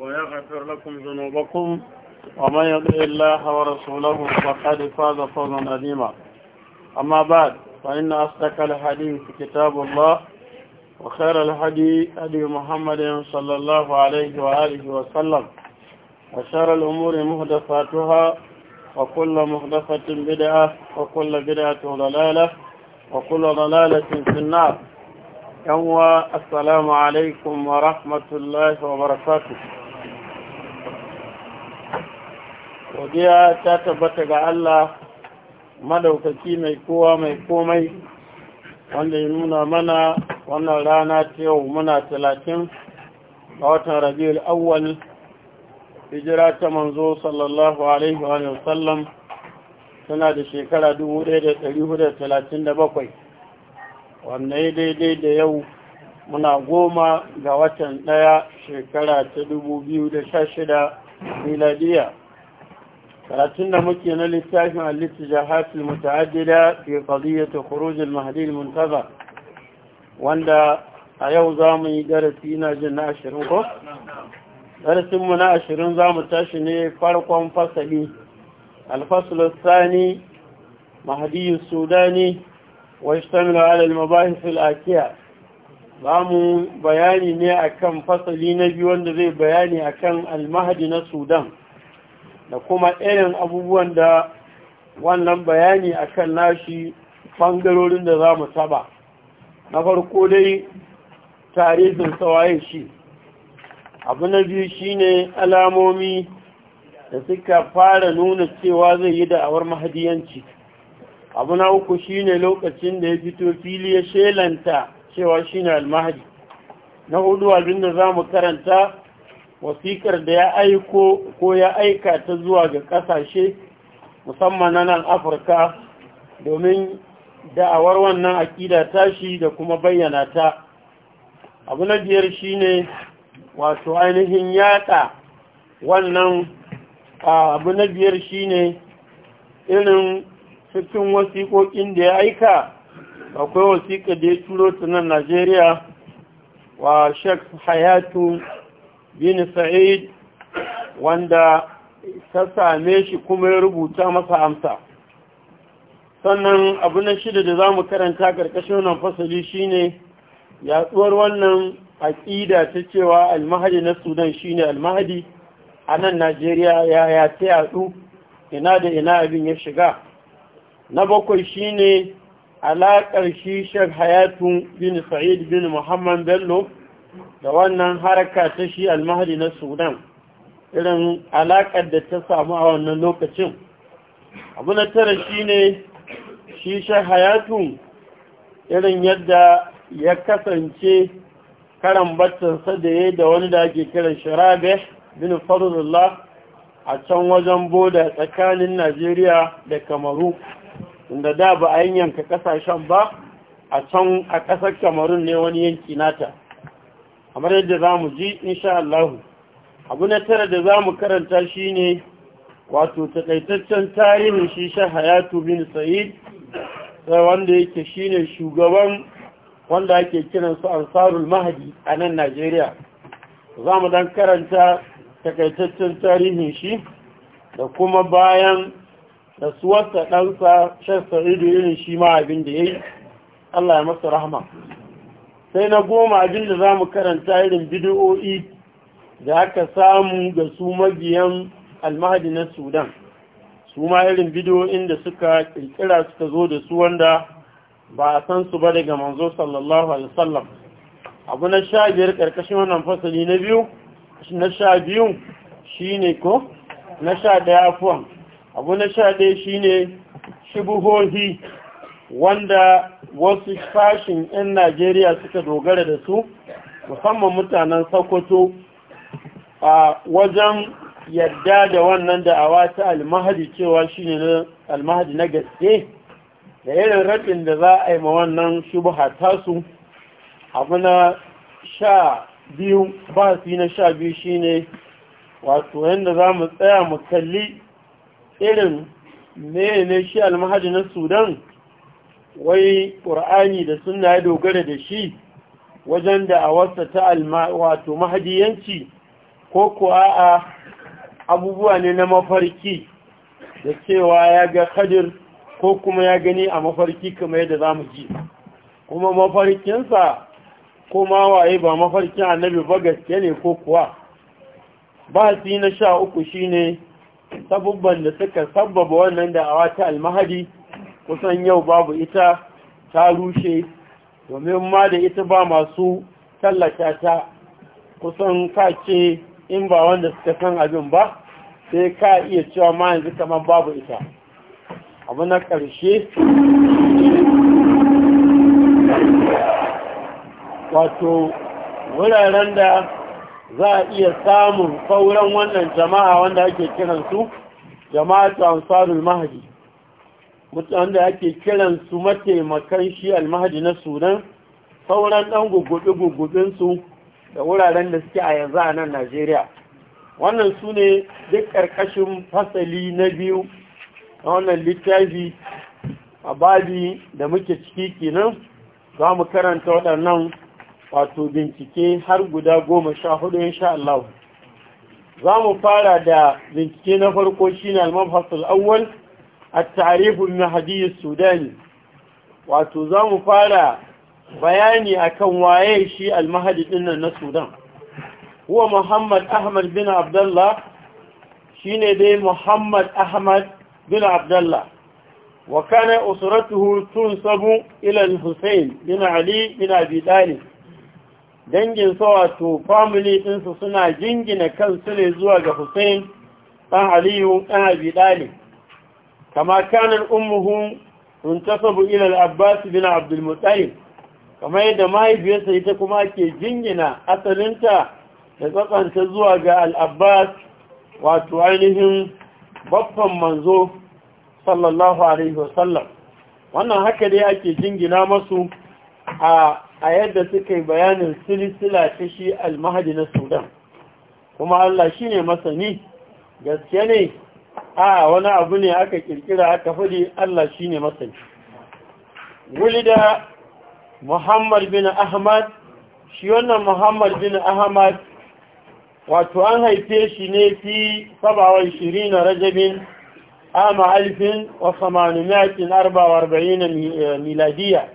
ويغفر لكم ذنوبكم ومن يطع الله ورسوله فقد فاز فوزا عظيما أما بعد فإن أصدق الحديث كتاب الله وخير الهدي هدي محمد صلى الله عليه وآله وسلم وشر الأمور مهدفاتها وكل مهدفة بدعة وكل بدعة ضلالة وكل ضلالة في النار يوم السلام عليكم ورحمة الله وبركاته godiya ta tabbata ga Allah madaukaki mai kowa mai komai wanda ya nuna mana wannan rana ta yau muna talatin a watan rabiul awwal hijira ta manzo sallallahu alaihi wa sallam tana da shekara 1437 wanda ya daidai da yau muna goma ga watan ɗaya shekara ta 2016 miladiya karatun da muke na littafin halittu jahatul muta'addida fi qadiyyati khuruj mahdi al-muntazar wanda a yau za mu yi darasi na jin na ashirin ko? darasin mu na ashirin za mu tashi ne farkon fasali alfasul sani mahdi sudani wa ishtamilu ala al-mabahith al-akiya za mu bayani ne akan fasali na biyu wanda zai bayani akan al-mahdi na sudan da kuma irin abubuwan da wannan bayani akan nashi ɓangarorin da za mu saba na farko dai tarihin tsawaye shi abu na biyu shine alamomi da suka fara nuna cewa zai yi da'awar mahadiyanci abu na uku shine lokacin da ya fito fili ya shelanta cewa shine almahadi na hudu abinda za mu karanta wasikar da ya aiko ko ya aika ta zuwa ga kasashe musamman na nan afirka domin da'awar wannan akida tashi da kuma bayyana ta abu na biyar shine wato ainihin yaɗa wannan abu na biyar shine irin cikin wasiƙoƙin da ya aika akwai wasiƙa da ya turo ta nan najeriya wa shek hayatu bin sa'id wanda ta same shi kuma ya rubuta masa amsa sannan abu na shida da za mu karanta ƙarƙashin wannan fasali shine yatsuwar wannan aƙida ta cewa almahadi na sudan shine almahadi a nan najeriya ya ya ta yatsu ina da ina abin ya shiga na bakwai shine alaƙar shi shek hayatun bin sa'id bin muhammad bello da wannan haraka ta shi almahadi na sudan irin alaƙar da ta samu a wannan lokacin abu na tara shi ne shi shahayatun irin yadda ya kasance karan battansa da ya da wani da ake kiran shirabe bin farullah a can wajen boda tsakanin najeriya da kamaru inda da ba a yanka kasashen ba a can a ƙasar kamarun ne wani yanki nata kamar yadda za mu ji insha Allah abu na tara da za mu karanta shi ne wato takaitaccen tarihin shi hayatu bin sa'id wanda yake shi ne shugaban wanda ake kiran su ansarul mahadi a nan najeriya za mu dan karanta takaitaccen tarihin shi da kuma bayan da suwarsa ɗansa shan sa'idu irin shi ma abin da ya yi allah ya masa rahama sai na goma abin da za mu karanta irin bidiyo'i da aka samu ga su magiyan almahadi na sudan su ma irin bidiyo'in da suka kirkira suka zo da su wanda ba a san su ba daga manzo sallallahu alaihi wasallam abu na sha biyar karkashin wannan fasali na biyu na sha biyu shine ko na sha daya afuwan abu na sha daya shine shibuhohi wanda wasu fashin 'yan najeriya suka dogara da su musamman mutanen sokoto a wajen yadda da wannan da da'awa ta almahadi cewa shi na almahadi na gaske da irin rabin da za a yi ma wannan shubha tasu abu na sha biyu ba su na sha biyu shi ne? wato yadda za mu tsaya mu kalli irin mene shi almahadi na sudan wai ƙur'ani da suna ya dogara da shi wajen da a wasa ta wato mahadiyanci ko kuwa a abubuwa ne na mafarki da cewa ya ga kadir ko kuma ya gani a mafarki kama yadda za mu ji kuma mafarkinsa kuma waye ba mafarkin annabi ba gaske ne ko kuwa ba na sha uku shine sabubban da suka sabbaba wannan da a wata almahadi kusan yau babu ita ta rushe domin ma da ita ba masu tallata ta kusan ka ce in ba wanda suka san abin ba sai ka iya cewa ma yanzu kamar babu ita abu na ƙarshe wato wuraren da za a iya samun sauran wannan jama'a wanda ake kiransu jama'a jama'atu ansarul mahadi. mutane da ake kiran su mataimakan shi almahadi na sunan sauran ɗan gugubi su da wuraren da suke a yanzu a nan najeriya wannan su ne duk ƙarƙashin fasali na biyu na wannan littafi a babi da muke ciki kenan za mu karanta waɗannan wato bincike har guda goma sha hudu insha Allah za mu fara da bincike na farko shine al-mabhasul awwal التعريف المهدي السوداني wato za mu fara bayani akan waye shi almahadi dinnan na sudan huwa muhammad ahmad bin abdullah shine dai muhammad ahmad bin abdullah wa kana usratuhu tun ila al-husayn bin ali bin abi dangin wato family din suna jingina kansu ne zuwa ga Hussain ɗan aliyu dan abi kama kanan ummuhu muntasabu ila al-abbas bin abd kamar muttalib yadda mahaifiyarsa ita kuma ke jingina asalinta da tsatsanta zuwa ga al wato ainihin baffan manzo sallallahu alaihi wasallam wannan haka dai ake jingina masu a yadda suka yi bayanin silsila ta shi al-mahdi na sudan kuma Allah shine masani gaske ne a wani abu ne aka kirkira aka fadi Allah shi ne masani wulida muhammad bin ahmad shi wannan muhammad bin ahmad wato an haife shi ne fi sabawar shiri na rajabin ama alfin wa samanumakin arba'arba'in miladiya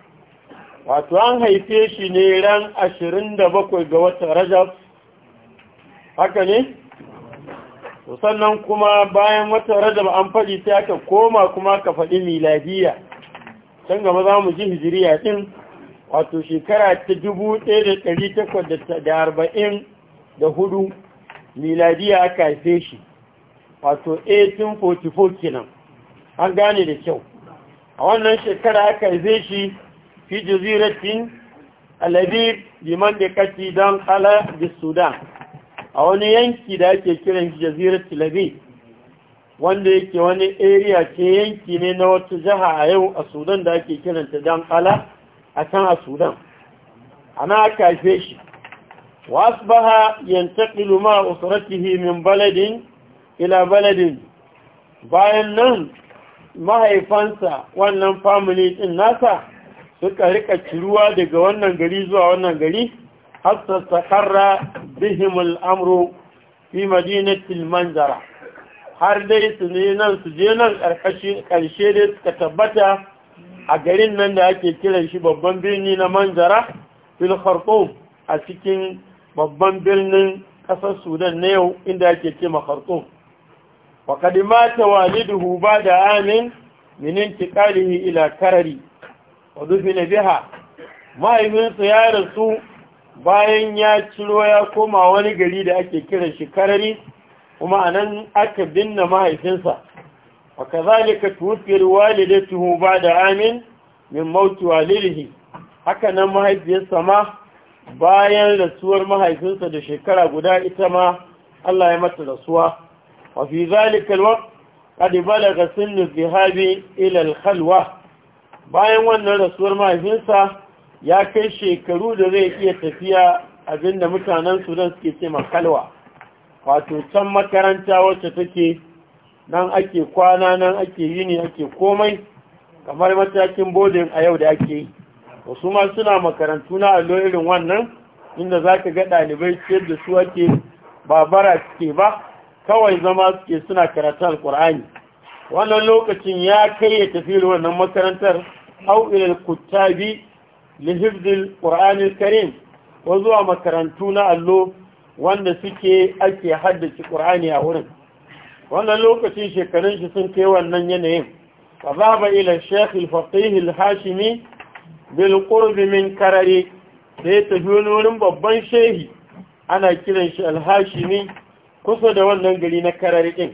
wato an haife shi ne ran 27 ga watan rajab haka ne sannan kuma bayan wata rajab an faɗi sai aka koma kuma ka faɗi miladiya can gaba za mu ji hijiriya ɗin wato shekara ta 1844 miladiya aka haife shi wato 1844 kenan an gane da kyau a wannan shekara aka haife shi fi jaziratin alabib liman da kati don ala da sudan a wani yanki da ake kiran jazirar tilabi wanda yake wani area ce yanki ne na wata jaha a yau a sudan da ake kiranta dan ala a can a sudan ana aka haife shi wasbaha yantaqilu ma usratihi min baladin ila baladin bayan nan mahaifansa wannan family din nasa suka rika ciruwa daga wannan gari zuwa wannan gari حتى استقر بهم الأمر في مدينة المنزرة har dai su ne nan su je nan ƙarshe dai suka tabbata a garin nan da ake kiran shi babban birni na manzara fil khartoum a cikin babban birnin ƙasar sudan na yau inda ake ce ma khartoum wa kadimata waliduhu ba da amin min intiqalihi ila karari wa dufina biha mahaifinsa ya rasu bayan ya ciro ya koma wani gari da ake kiran shi karari kuma a nan aka binne mahaifinsa wa kazalika tuwfir walidatuhu ba'da amin min mauti walidihi haka nan mahaifiyarsa ma bayan rasuwar mahaifinsa da shekara guda ita ma Allah ya mata rasuwa wa fi zalika alwaqt qad balagha sinnu dhahabi ila alkhalwa bayan wannan rasuwar mahaifinsa ya kai shekaru da zai iya tafiya abinda mutanen sudan suke ce makalwa wato can makaranta wacce take nan ake kwana nan ake yi ne ake komai kamar matakin bodin a yau da ake yi wasu ma suna makarantu na allo irin wannan inda za ka ga ɗalibai ce da su ake babara ke ba kawai zama suke suna karatun alkur'ani wannan lokacin ya kai ya tafi wannan makarantar au ilal kuttabi lihibdil ƙur'anil karim ko zuwa makarantu na allo wanda suke ake haddace ƙur'ani a wurin wannan lokacin shekarun shi sun kai wannan yanayin fa zaba ila shaykh al hashimi bil qurb min karari sai tafi wurin babban shehi ana kiran shi al-hashimi kusa da wannan gari na karari din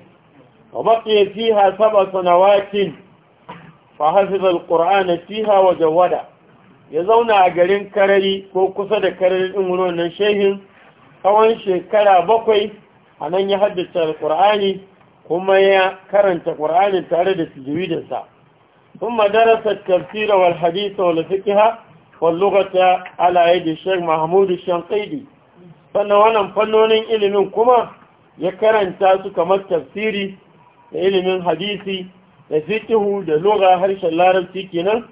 wa baqiya fiha sab'a sanawatin fa hafiza al-qur'ana fiha wa jawada ya zauna a garin karari ko kusa da karari ɗin nan shehin tsawon shekara bakwai a nan ya haddace alƙur'ani kuma ya karanta ƙur'ani tare da sujudansa sun madarasa tafsira wal hadisa wal fiqha wal lughata ala yadi Sheikh Mahmud Shanqidi sannan wannan fannonin ilimin kuma ya karanta su kamar tafsiri da ilimin hadisi da fiqhu da lugha harshen larabci kenan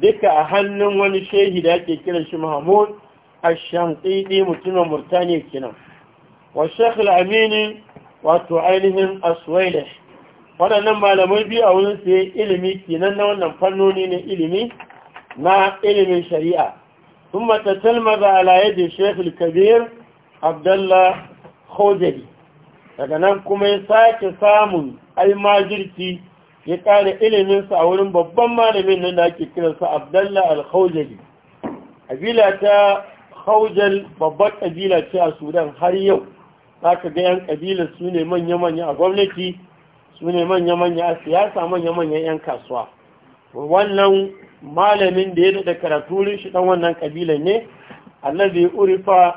duka a hannun wani shehi da ake kiran shi Mahmud a shamqidi mutumin Murtaniya kenan wa Sheikh Al-Amini wato ainihin Aswailih waɗannan malamai biyu a wurin su ilimi kenan na wannan fannoni na ilimi na ilimin shari'a sun matattal maza alaye da shekul kabir abdallah khojari daga nan kuma ya sake samun almajirki ya ƙara iliminsa a wurin babban malamin nan da ake kiransa abdallah al-khawjali ƙabila ta khawjal babbar ƙabila ce a sudan har yau za ka ga 'yan ƙabilar su ne manya-manya a gwamnati su ne manya-manya a siyasa manya-manyan 'yan kasuwa wannan malamin da ya daɗa karatu shi ɗan wannan ƙabilar ne allazi urifa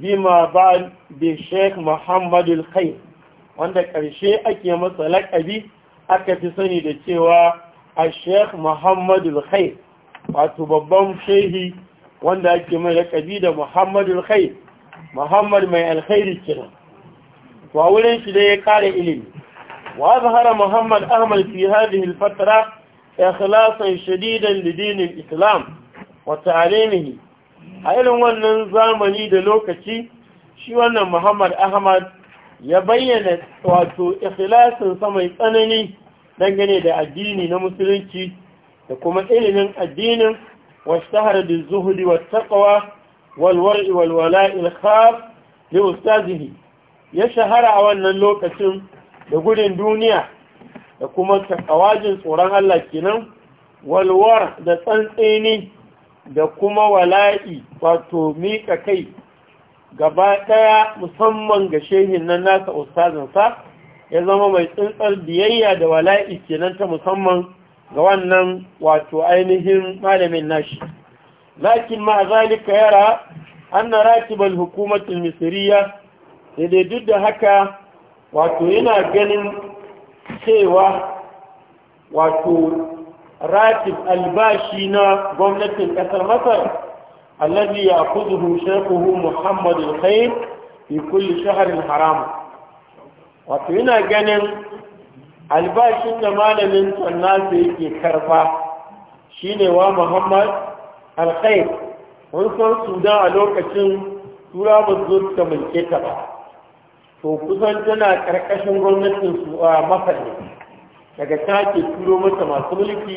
bima ba bi sheikh muhammadu khair wanda ƙarshe ake masa laƙabi aka fi sani da cewa a sheikh muhammadu khair wato babban shehi wanda ake mai lakabi da muhammadu khair muhammad mai alkhairi kenan Wa wurin shi da ya kare ilimi wa zahara muhammad ahmad fi hadhihi al-fatra ikhlasan shadidan li din al-islam wa ta'alimihi a irin wannan zamani da lokaci shi wannan muhammad ahmad ya bayyana wato ikhlasin sa mai tsanani dangane da addini na musulunci da kuma ilimin addinin washtahara da zuhudi wa taqwa wal war'i wal wala'i khaf li ustazihi ya shahara a wannan lokacin da gudun duniya da kuma takawajin tsoron Allah kenan walwar da tsantseni da kuma wala'i wato miƙa kai gaba ɗaya musamman ga shehin nan nasa ustazinsa ya zama mai tsintsar biyayya da wala'i kenan ta musamman ga wannan wato ainihin malamin nashi lakin ma zalika yara anna ratibal hukumatul misiriya sai duk da haka wato yana ganin cewa wato ratib albashi na gwamnatin ƙasar masar الذي يأخذه شيخه محمد الخير في كل شهر حرام وفينا جنن albashin da malamin sannasa yake karfa shine wa muhammad alkhair wani san sudan a lokacin tura ba zo ta mulke ba to kusan tana karkashin gwamnatin su a masar ne daga take turo mata masu mulki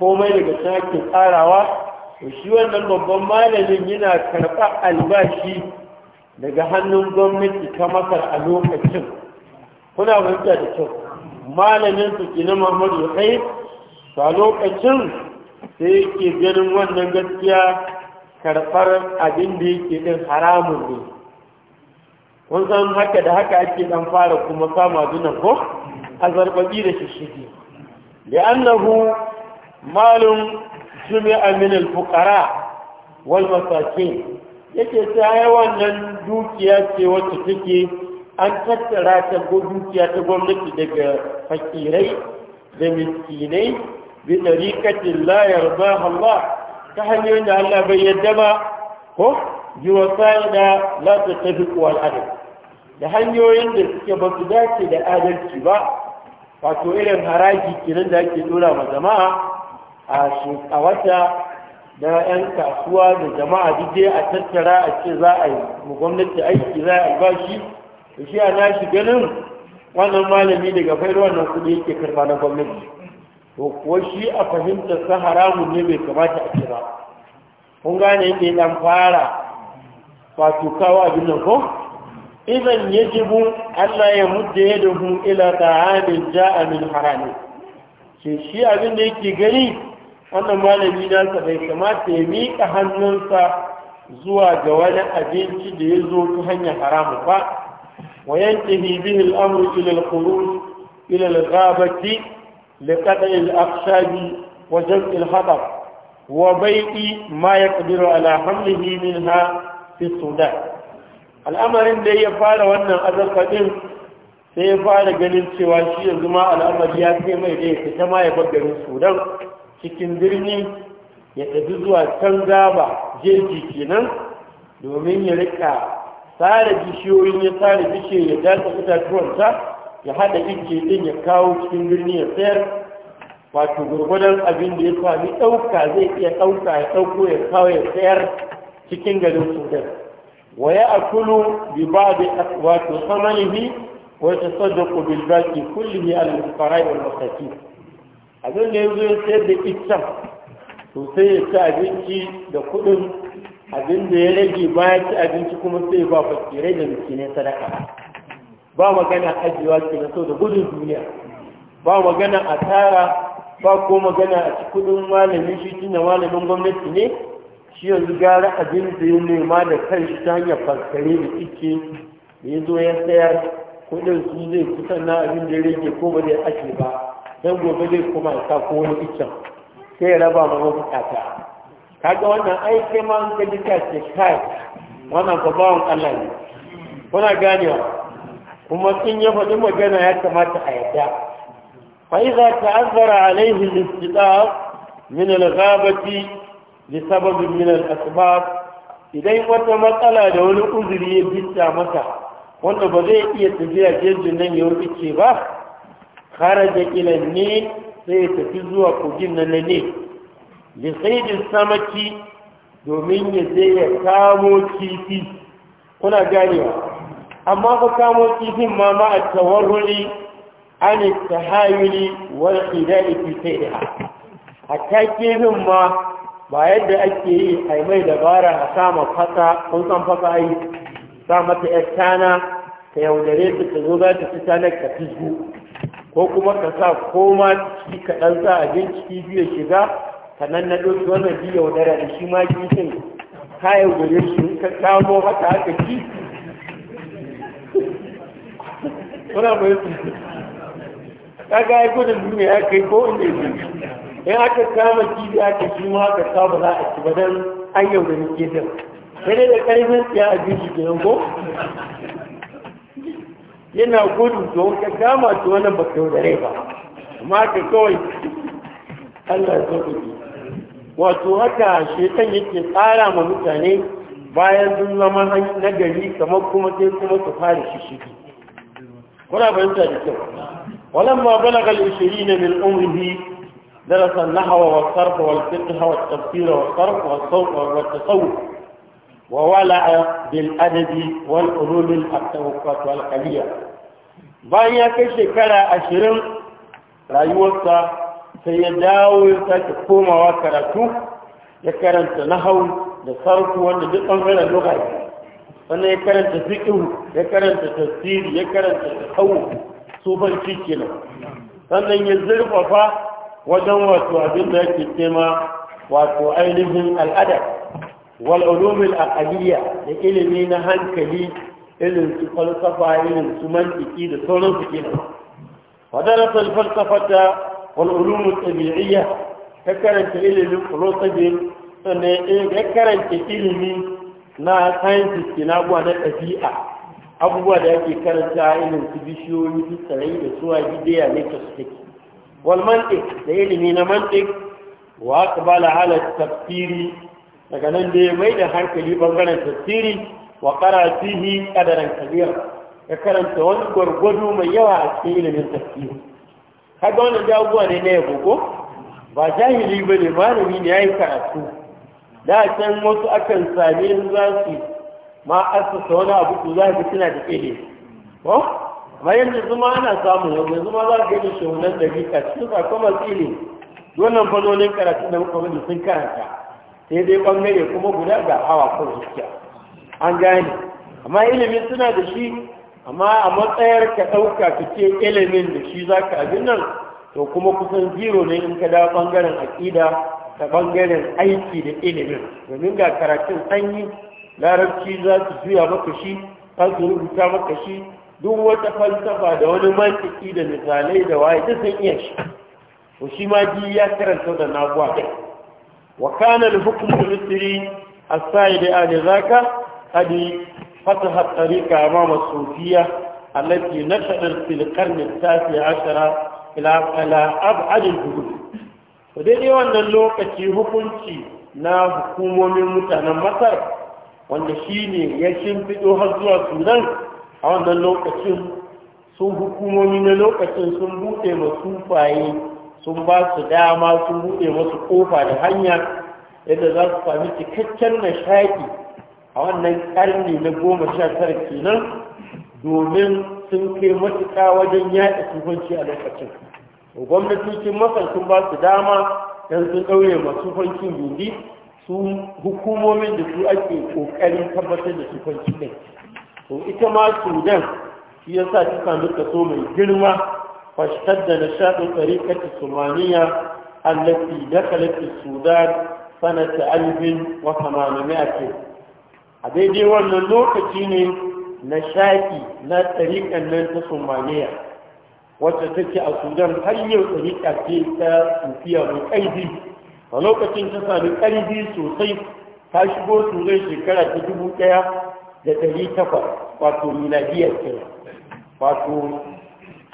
komai daga take tsarawa to shi wannan babban malamin yana karɓar albashi daga hannun gwamnati ta masar a lokacin kuna fahimta da kyau malamin su kina muhammadu kai a lokacin sai yake ganin wannan gaskiya karɓar abin da yake ɗin haramun ne kun san haka da haka ake ɗan fara kuma kama zuna ko a zarbabi da shishigi da annahu malum jumi'a min al-fuqara wal masakin yake sai wannan dukiya ce wacce take an tattara ta dukiya ta gwamnati daga fakirai da miskinai bi tariqatin la yardaha Allah ta hanyoyin da Allah bai yarda ba ko yuwasai da la tattafiqu wal adl da hanyoyin da suke ba su dace da adalci ba wato irin haraji kenan da ake dora ma jama'a a wata da 'yan kasuwa da jama'a dai a tattara a ce za a yi mu gwamnati aiki za a albashi da shi a shi ganin wannan malami daga fayar wannan kudi yake karfa na gwamnati to kuwa shi a fahimtar sa haramun ne bai kamata a ce ba kun gane yadda ya dan fara wato kawo abin nan ko idan yajibu Allah ya mudde yadahu ila ta'amin ja'a min harami shi abin da yake gani wannan malami nasa bai kamata ya miƙa hannunsa zuwa ga wani abinci da ya zo ta hanyar haramu ba wa yanke bihi al'amru ilal al-khuruj ila al-ghabati li al-aqshabi wa jam'i al-khatar wa bai'i ma yaqdiru ala hamlihi fi sudan al'amarin da ya fara wannan azarfa din sai ya fara ganin cewa shi yanzu ma al'amari ya kai mai da ya fita ma ya bar garin sudan cikin birni ya tafi zuwa can gaba jirgi kenan domin ya rika tsara bishiyoyin ya tsara bishiyoyin ya kusa turanta, ya haɗa ice ɗin ya kawo cikin birni ya sayar wato gurgudan abin da ya sami ɗauka zai iya ɗauka ya ɗauko ya kawo ya sayar cikin garin sudan wa a Kulu bi ba da wato samanihi wata ta sadaku bil baki kullihi al masakin abin da ya zo ya sayar da iccen to sai ya ci abinci da kuɗin abin da ya rage baya ci abinci kuma sai ba fakirai da miskinai sadaka ba magana ajiyewa ke na sau da gudun duniya ba magana a tara ba ko magana a ci kuɗin malamin shi tunan malamin gwamnati ne shi yanzu gara abin da ya nema da kanshi ta hanyar faskare da ike da ya zo ya sayar kuɗin su zai kusan na abin da ya rage ko ba zai ake ba don gobe zai kuma ya sa ko wani iccen sai ya raba ma mabukata kaga wannan ai kai ma an ka ji ce kai wannan fa bawon Allah ne kuna ganewa kuma sun ya faɗi magana ya kamata a yadda fa za ta'azzara alaihi al-istidaf min al-ghabati sababin min al-asbab idan wata matsala da wani uzuri ya bitta masa wanda ba zai iya tafiya jirgin nan ya wuce ba kharaja ila ne sai ya tafi zuwa kogin nan ne li saidin samaki domin ya je ya kamo kifi kuna ganewa amma ko kamo kifin ma ma a tawarruli an tahayuli wal qida'i fi sayha hatta kifin ma ba yadda ake yi a mai dabara a sama fata kun san fata ai sa mata yar tana ta yaudare su ta zo za ta fi na ka zuwa ko kuma ka sa koma ciki ka za a jin ciki biyu shiga ka nan na ɗauki wannan biyu wadara da shi ma kifin kayan gure shi ka kamo haka haka ki kuna mai su ga ya gudun duniya ya kai ko inda ya in aka kama kifi aka shi ma aka ba za a ci ba don an yaudari kifin sai dai da ƙarfin tsaye a jiki kenan ko yana gudu to ka kama to wannan ba kyau da rai ba amma ka kawai Allah ya sauke wato haka shetan yake tsara ma mutane bayan sun zama na gari kamar kuma sai kuma su fara shishigi kuna fahimta da kyau ولما بلغ العشرين من عمره درس النحو والصرف والفقه والتفسير والصرف والصوت والتصوف وولع بالأدب والعلوم التوقات والقلية bayan ya kai shekara ashirin rayuwarsa sai ya dawo ya sake komawa karatu ya karanta nahau da sarku wanda duk ɓangaren lugari sannan ya karanta fiƙin ya karanta tasiri ya karanta tasawu sufanci kenan sannan ya zurfafa wajen wato abin da yake tema wato ainihin al'ada wal ulumul aqliyya da ilimi na hankali irin su falsafa irin su mantiki da sauran su kenan wa darasa al falsafata wal ulum al tabi'iyya ka karanta ilimin philosophy sannan ya karanta ilimi na sciences kina gwa na ɗabi'a abubuwa da ake karanta irin su bishiyoyi su tsarai da suwa gidiya ne ta su take wal mantik da ilimi na mantik wa aqbala ala tafsiri daga nan da ya mai da hankali bangaren tasiri wa kara fihi kabir ya karanta wani gwargwado mai yawa a cikin ilimin Har da wannan jagowa ne na yabo ko ba jahili ba ne malami ne ya yi karatu da can wasu akan sami in za su ma asasa wani abu ku za ka suna da ƙele ko amma yanzu zuma ana samu yanzu zuma za ka gani shehunan da bika cikin sakamakon tsile wannan fannonin karatu da muka sun karanta sai dai ɓangare kuma guda ga hawa ko gaskiya an gane amma ilimin suna da shi amma a matsayar ka ɗauka ka ce ilimin da shi za ka abin nan to kuma kusan zero ne in ka dawo ɓangaren aƙida ta ɓangaren aiki da ilimin domin ga karatun sanyi larabci za su juya maka shi za su rubuta maka shi duk wata falsafa da wani mantiki da misalai da waye duk sun iya shi to shi ma ji ya karanta da nabuwa ɗaya وكان الحكم المصري السائد آل ذاك قد فتح الطريق أمام الصوفية التي نشأت في القرن التاسع عشر إلى أبعد الحدود ودي وأن اللوكة hukunci na hukumomin mutanen masar wanda shi ne ya shimfiɗo har zuwa Sudan, a wannan lokacin sun hukumomi na lokacin sun buɗe masu faye sun ba su dama sun buɗe masu kofa da hanya yadda za su sami cikakken shaƙi a wannan ƙarni na goma sha tara kenan domin sun kai matuƙa wajen yaɗa sufanci a lokacin gwamnatocin masar sun ba su dama don sun ɗauye masu fankin gindi su hukumomin da su ake ƙoƙarin tabbatar da sufanci ɗin to ita ma sudan shi ya sa ta sami kaso mai girma واشتد نشاط طريقة الثمانية التي دخلت السودان سنة ألف وثمانمائة أبيدي والنلوكة جيني نشاكي نا طريقة ننت ثمانية وتتكي السودان هل يو طريقة تيتا سوفيا بكأيدي ولوكة تسا بكأيدي سوسي تاشبو سوزي شكرا تجبو كيا da ɗari takwas wato miladiyar kenan wato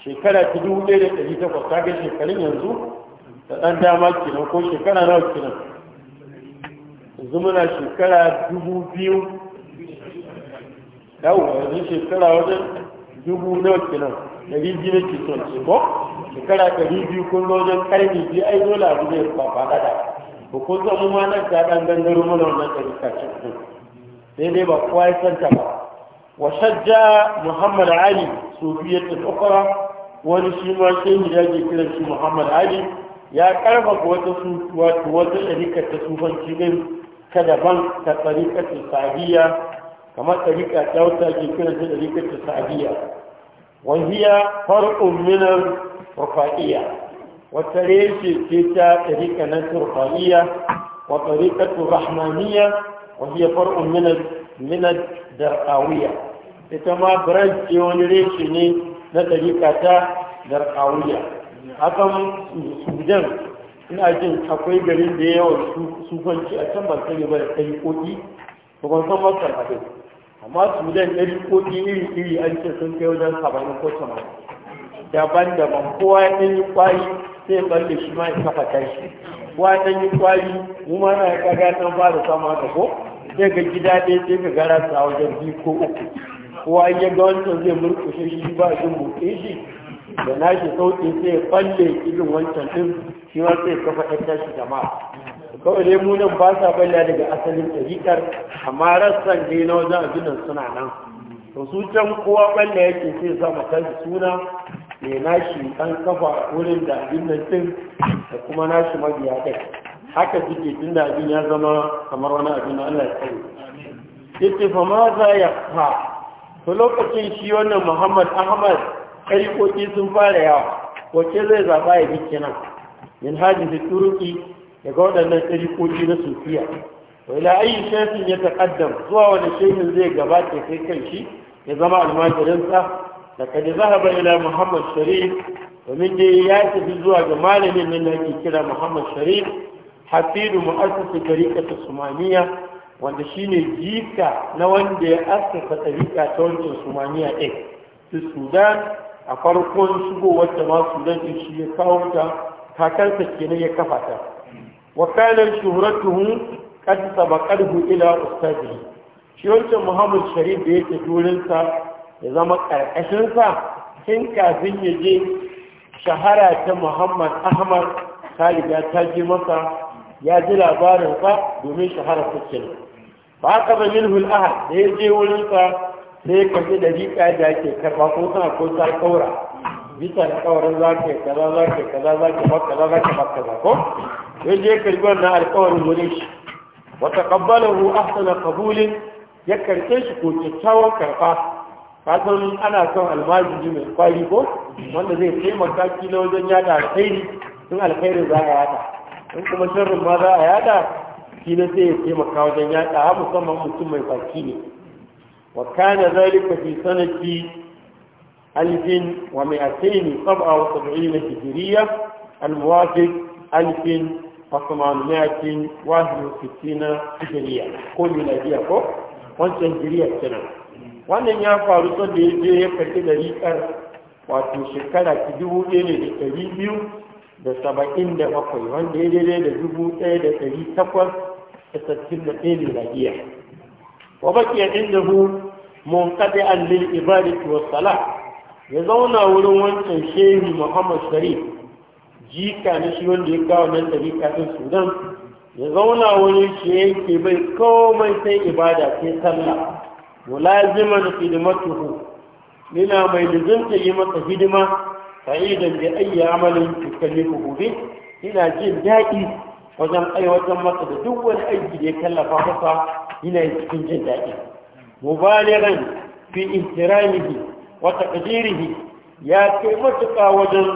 shekara ta dubu ɗaya da ɗari takwas ta ga shekarun yanzu da ɗan dama kenan ko shekara nawa kenan yanzu muna shekara dubu biyu Yau yanzu shekara wajen dubu nawa kenan ɗari biyu na kisan ce ko shekara ɗari biyu kun zo wajen ƙarni biyu ai dole abu zai Ba ba kun zama ma nan ta ɗan gangaro mana wannan ɗari kacin sai dai ba kowa ya santa ba وشجع محمد علي ta أخرى wani shi ma shehi da ke kiran shi muhammad ali ya karfafa wata su wata ɗarikar ta sufanci din ta daban ta ɗarikar ta sabiya kamar ɗarika ta wata ke kiran ta ɗarikar ta sabiya wahiya far'un minar rufa'iya wata reshe ce ta ɗarika na rufa'iya wa ta rahmaniya wahiya far'un minar minar dar'awiya ita ma branch ce wani reshe ne na ɗariƙa ta darƙawuya hakan sudan ina jin akwai garin da yawan sufanci a can ban sani ba da ɗariƙoƙi ba son san masar abin amma ɗari ɗariƙoƙi iri iri an ce sun kai wajen sabanin ko tamanin daban daban kowa ya ɗan yi ƙwari sai da shi ma ya kafa tashi kowa ya ɗan yi ƙwari mu ma na kaga ba da sama da ko sai ga gida ɗaya sai ka gara sa wajen biyu ko uku kowa ya ga wancan zai murkushe shi ba jin buɗe shi da na shi sauƙi sai ya falle irin wancan ɗin shi ma sai kafa ɗan tashi jama'a kawai dai mu nan ba sa balla daga asalin ɗariƙar amma rassan dai na wajen abinan suna nan to su can kowa balla yake sai sa mata suna mai nashi an kafa wurin da abinan ɗin da kuma nashi mabiya ɗai haka suke tun da abin ya zama kamar wani abin Allah ya kai. Ita fa za ya fa to lokacin shi wannan muhammad ahmad kalikoki sun fara yawa wacce zai zaɓa ya bi kenan min hajji da turuki daga waɗannan kalikoki na sufiya wala ayi shafin ya taƙaddam zuwa wani shehin zai gabata kai kan shi ya zama almajirinsa da kadi zahaba ila muhammad sharif domin dai ya tafi zuwa ga malamin nan da ake kira muhammad sharif hafidu mu'assisi tariqatu sumaniya wanda shi ne jika na wanda ya asasa tsarika ta wancan sumaniya ɗin ta sudan a farkon shigo wata ma sudan ɗin shi ya kawo ta kakarsa kenan ya kafa ta wakalar shuhuratuhu kad sabaqahu ila ustadihi shi wancan muhammad sharif da ya ke durinsa ya zama ƙarƙashinsa tun kafin ya je shahara ta muhammad ahmad ta riga ta je masa ya ji labarinsa domin shahara ta kenan ba ka ba minhul ahad da ya je wurinsa sai ka fi riƙa da ake karɓa ko tana ko ta kaura bisa da kawarin za ka kaza za ka kaza za ka baka za ka baka za ko ya je karɓi wannan alƙawarin wurin shi wa taqabbalahu ahsana qabulin ya karɓe shi ko kyakkyawan karɓa san ana son almajiji mai kwari ko wanda zai taimaka na wajen yada alkhairi tun alkhairin za a yada in kuma sharrin ma za a yada shi ne sai ya taimaka wajen yaɗa ha musamman mutum mai baki ne wa kana zalika fi sanati alfin wa mi'atayn sab'a wa sab'ina hijriya al-muwafiq alfin wa thamaniyatin wa sittina hijriya ko miladiya ko wancan hijriya kenan wannan ya faru sanda ya je ya karɓi dariƙar wato shekara ta dubu ɗaya ne da ɗari biyu da saba'in da bakwai wanda ya daidai da dubu ɗaya da ɗari takwas da sassin da ɗaya miladiya wa bakiya inda hu munkaɗe an lil ibadati wa sala ya zauna wurin wancan shehu muhammad sharif jika na shi wanda ya kawo nan ɗari kafin sudan ya zauna wurin shi yake bai komai sai ibada sai sallah mulaziman hidimatuhu nina mai lizinta yi masa hidima sa'idan da ayya amalin ku gobe ina jin daɗi wajen aiwatar masa da duk wani aiki da ya kallafa masa ina cikin jin daɗi mubaliran fi ihtiramihi wa taqdirihi ya kai matuƙa wajen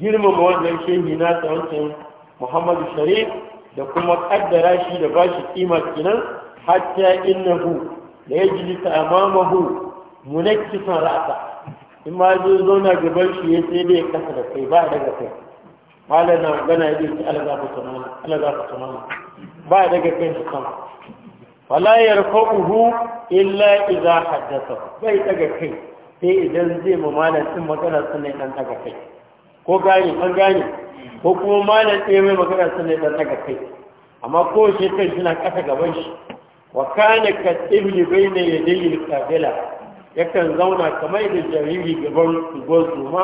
girmama wannan shehi na wancan Muhammadu Sharif da kuma kaddara shi da bashi kima kinan hatta innahu la yajlisu amamahu munakkisan ra'sa in ma zo zauna gaban shi ya sai dai kasa da kai ba daga kai malam na magana ya ce ala za ku tunana ala za ku tunana ba daga kai shi sama wala yarfa'uhu illa idza haddatha bai daga kai sai idan zai ma malam din magana sunai dan daga kai ko gane an gane ko kuma malam ɗaya mai magana sunai dan daga kai amma ko shi kai suna kasa gaban shi wa kana ka tsibli bayna yadayil qabila yakan zauna kamar da jariri gaban tugon zuma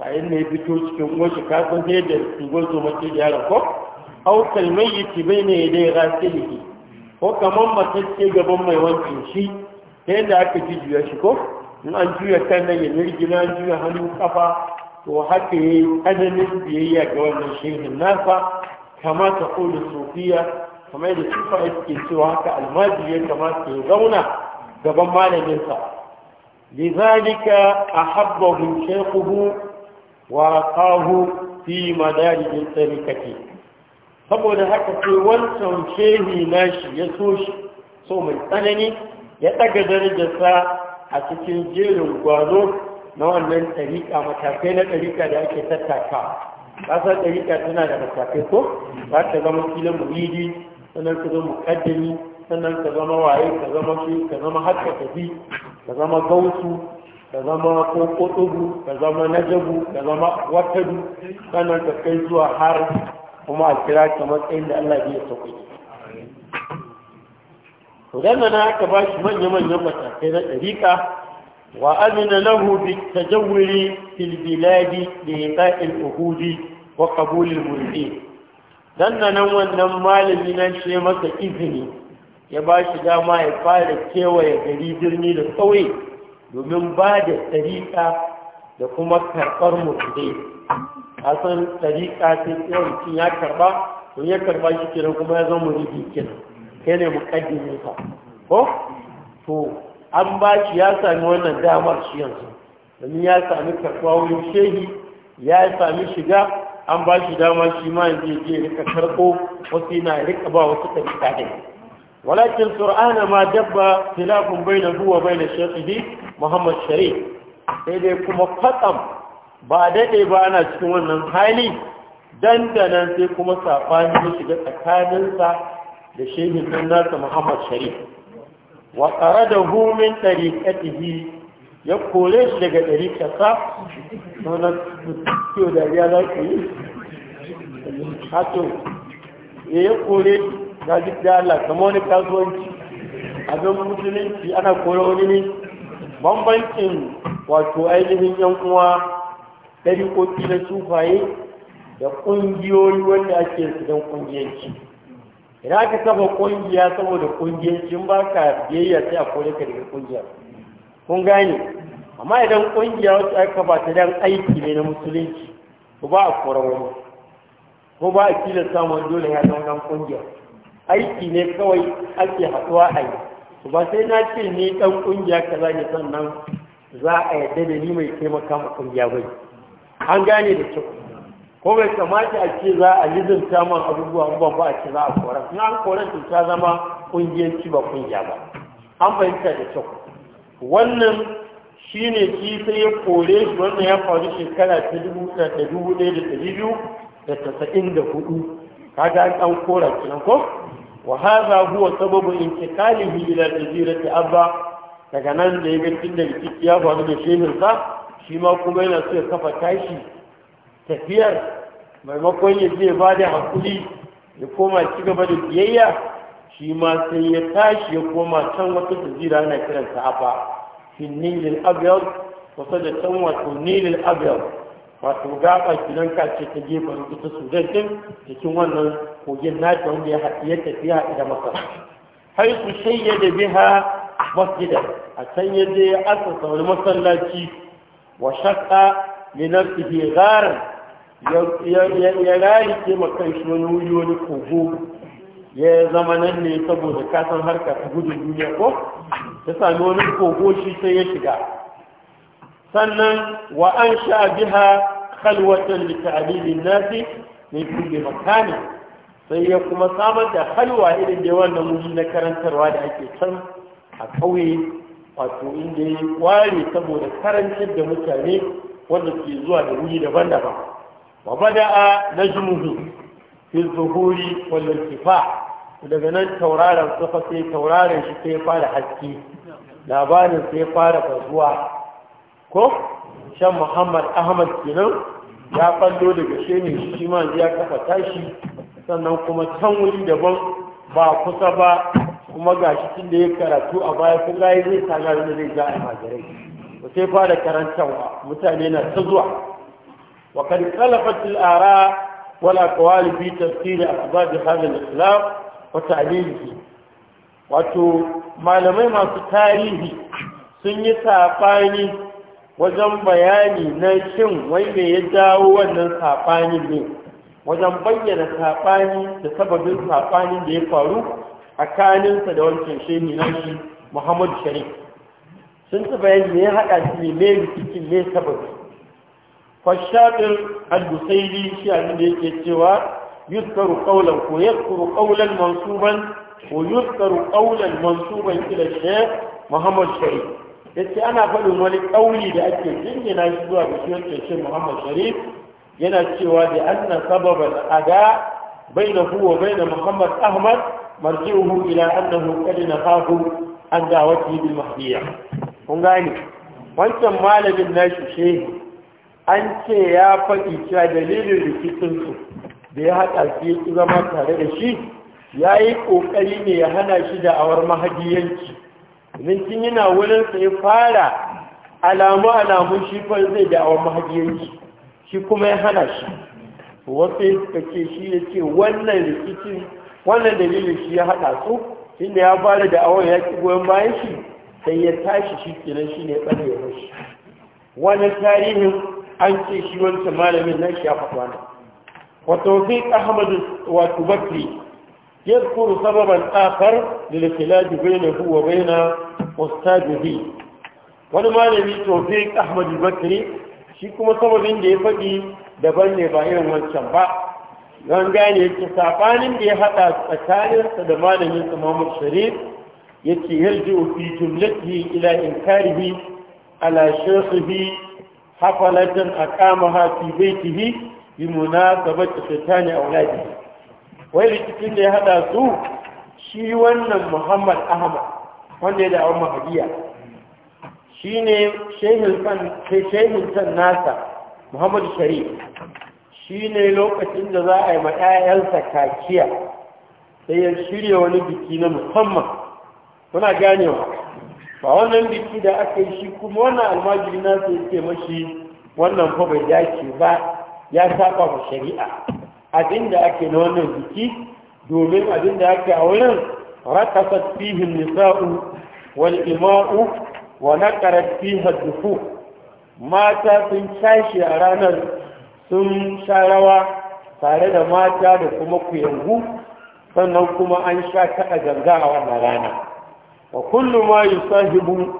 a yin ne fito cikin goshi kafin sai da tugon zuma ce da yaran ko au kalmai yi ci bai ne dai rasiliki ko kamar matacce gaban mai wancin shi ta yadda aka juya shi ko in an juya kan nan ya mirgina an juya hannu kafa to haka ya yi tsananin biyayya ga wannan shehin nasa kama ta kulu sofiya kamar da sufa ke cewa haka almajiri ya kamata ya zauna gaban malaminsa لذلك أحبه شيخه ورقاه في مدارج التركة saboda haka sai wancan shehi nashi ya so mai tsanani ya daga darajarsa a cikin jerin gwano na wannan ɗariƙa matakai na ɗariƙa da ake tattaka ƙasar ɗariƙa tana da matakai ko za ta zama filin muhidi sannan ta zama muƙaddami sannan ka zama waye ka zama shi ka zama haka ka zama gautu, ka zama kokotubu ka zama najabu ka zama watadu sannan ka kai zuwa har kuma a kira ka matsayin da Allah ya sauke to dan nan aka ba shi manya manyan matakai na dariƙa wa amina lahu bi tajawwuri fil biladi ya qa'il uhudi wa qabul al dan nan wannan malami nan shi masa izini ya ba shi dama ya fara kewaye gari birni da sauye domin ba da tsarika da kuma karɓar musulai a san tsarika ta cin ya karɓa to ya karɓa shi kenan kuma ya zama rufi kenan kai ne muƙaddimin ka, ko to an ba shi ya sami wannan damar shi yanzu domin ya sami karɓa wurin shehi ya sami shiga an ba shi dama shi ma yanzu ya je rika karɓo wasu yana rika ba wasu tsarika ɗaya walakin qur'ana ma dabba خلاف بين هو وبين الشيخ muhammad شريف sai dai kuma fatsam ba daɗe ba ana cikin wannan hali dandanan sai kuma safani ya shiga tsakaninsa da shehin nan nasa muhammad sharif wa qaradahu min tariqatihi ya kore shi daga ɗarikarsa suna kiyo dariya za ku yi ya kore na ji da Allah kamar wani kasuwanci abin musulunci ana kora wani ne bambancin wato ainihin yan uwa ɗariƙoƙi na sufaye da ƙungiyoyi wanda ake su don ƙungiyanci idan aka kafa ƙungiya saboda ƙungiyancin ba ka biyayya sai a kore ka daga ƙungiya kun gane amma idan ƙungiya wacce aka ba ta dan aiki ne na musulunci ko ba a kora wani ko ba a kila samun dole ya zama ƙungiya aiki ne kawai ake haɗuwa a yi ba sai na ce ne ɗan ƙungiya kaza ne sannan za a yadda da ni mai taimaka ma ƙungiya bai an gane da kyau ko bai kamata a ce za a lizinta man abubuwa ban ba a ce za a kora in an kora to ta zama ƙungiyanci ba ƙungiya ba an fahimta da kyau wannan shi ne shi sai ya kore shi wannan ya faru shekara ta dubu da dubu ɗaya da ɗari biyu da tasa'in da hudu kaga an ɗan kora kenan ko وهذا هو سبب انتقاله إلى الجزيرة أبا daga nan da ya ga tun da rikici ya faru da shehinsa shi ma kuma yana so ya kafa tashi tafiyar maimakon ya je ba da hakuri ya koma ci gaba da biyayya shi sai ya tashi ya koma can wata jazira ana kiransa afa fi nilil abyad kusa da can wato nilil abyad wato gaba kinan ka ce ta gefen ita sudan din cikin wannan kogin nata wanda ya haɗiye ya tafi haɗi da har su shayyada biha masjidan a can ya je ya asasa wani masallaci wa shakka linar fiye garin ya rari ke makan shi wani wuri wani kogo ya zama nan ne saboda kasan harka ta gudun duniya ko ya sami wani kogo shi sai ya shiga sannan wa an sha biha khalwatan li ta'lilin nasi min kulli makani sai ya kuma samar da halwa irin da wannan wuri na karantarwa da ake can a kauye wato inda ya ware saboda karantar da mutane wanda ke zuwa da wuri daban-daban wa bada'a jimuhu fi zuhuri wannan kifa, daga nan tauraron sufa sai tauraron shi sai fara haske labarin sai fara fasuwa ko shan muhammad ahmad kenan ya fallo daga shehin shi ma ya kafa tashi sannan kuma can wuri daban ba kusa ba kuma ga shi tun da ya karatu a baya kun gaye zai sami abin da zai ja a majarai ba sai fara karantarwa mutane na ta zuwa wa kan kalafatul ara wala kawali fi tafsiri asbab al islam wa ta'lilihi wato malamai masu tarihi sun yi sabani wajen bayani na cin wai me ya dawo wannan saɓanin ne wajen bayyana saɓani da sababin saɓanin da ya faru a kaninsa da wancan shehi na shi muhammadu sharif sun ta bayani ne ya haɗa shi ne mai rikicin mai sababi fashaɗin al-gusaili shi a da yake cewa yuskaru qawlan ko yuzkaru qawlan mansuban ko yuskaru mansuban sharif yace ana faɗin wani ƙauli da ake jingina zuwa ga shi Muhammad Sharif yana cewa da anna bai na bainahu bai na Muhammad Ahmad marji'uhu ila hukari na nafahu an da'wati bil mahdiyya kun gane wancan malamin nashi shehi an ce ya faɗi cewa dalilin rikicinsu da ya haɗa shi zama tare da shi ya yi ƙoƙari ne ya hana shi da awar mahadiyanci domin cin yana wurin sa ya fara alamu alamu shi zai da awon mahajiyanci shi kuma ya hana shi wasu suka ce shi ya ce wannan rikicin wannan dalilin shi ya haɗa su inda ya fara da awon ya ci goyon bayan shi sai ya tashi shi kenan shi ne ɓalle ya mashi wani tarihin an ce shi wancan malamin nan shi ya faɗi wani sababan tsakar da يذكر سببا na huwa bai na. ostajuhi wani malami tofe Ahmadu bakri shi kuma sababin da ya faɗi daban ne ba irin wancan ba don gane yake safanin da ya haɗa tsakaninsa da malamin sa mahmud sharif yake yarji ofi jumlatihi ila karihi ala shekhihi hafalatan aqamaha fi baitihi bi munasabati shaitani wulaji wai cikin da ya haɗa su shi wannan muhammad ahmad wanda ya da'awar mahadiya shi ne shehinsan nasa muhammadu Shari'a, shi ne lokacin da za a yi ma'ayansa kakiya sai ya shirya wani biki na musamman muna ganewa ba wannan biki da aka yi shi kuma wannan almajiri nasa ya ce mashi wannan fa bai dace ba ya saba wa shari'a abinda ake na wannan biki domin abinda ake a wurin رقصت فيه النساء والإماء ونقرت فيها الدفوق مات سن شاشي أرانا سن شاروا تارد مات بكمك ينهو فنوكما أنشا كأجنزا ومرانا وكل ما يصاحب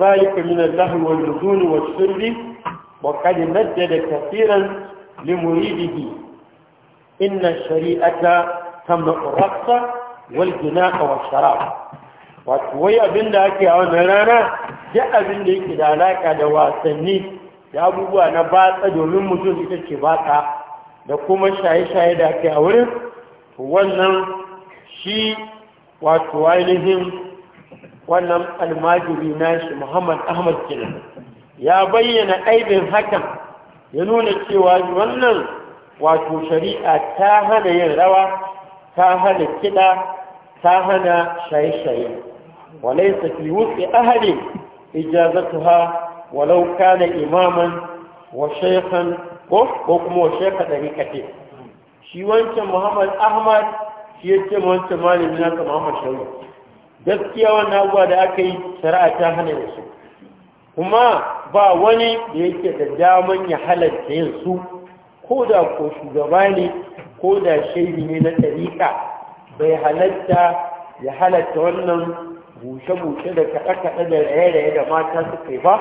ذلك من الله والنزول والسر وقد مدد كثيرا لمريده إن الشريعة تمنع الرقصة wal jinaqa wa wato wai abin da ake a wannan rana duk abin da yake da alaka da wasanni da abubuwa na batsa domin mutum ita ce batsa da kuma shaye-shaye da ake a wurin wannan shi wato ainihin wannan almajiri na shi muhammad ahmad kenan ya bayyana aibin hakan ya nuna cewa wannan wato shari'a ta hana yin rawa ta hana kiɗa ta hana shaye-shaye walai safi wuce ahali ijazatuha walau kana imaman wa shaykhan ko kuma wa shaykha dariqati shi wancan Muhammad Ahmad shi ce wancan malami na ka Muhammad gaskiya wannan abuwa da aka yi shari'a ta hana da su kuma ba wani da yake da daman ya halatta yin su ko da ko shugaba ne ko da shaidi ne na ɗariƙa bai halatta ya halatta wannan bushe-bushe da kaɗe-kaɗe da raye-raye da mata suka yi ba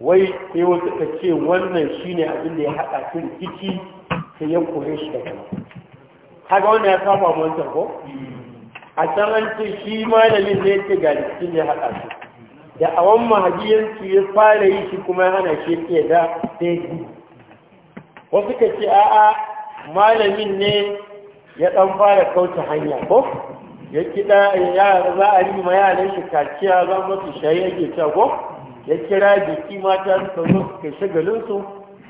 wai sai wasu ka ce wannan shine abin da ya haɗa su rikici sai ya kore shi daga kama haka wannan ya saba wancan ko a can an ce shi malamin ne ce ga rikicin da ya haɗa su da a wani mahajiyansu ya fara yi shi kuma ya hana shi ke da sai wasu ka ce a'a malamin ne ya ɗan fara kauce hanya ko ya kiɗa yara za a rima yaran shi kaciya za mafi shayi yake cewa ko ya kira biki mata ka zo suka shagalinsu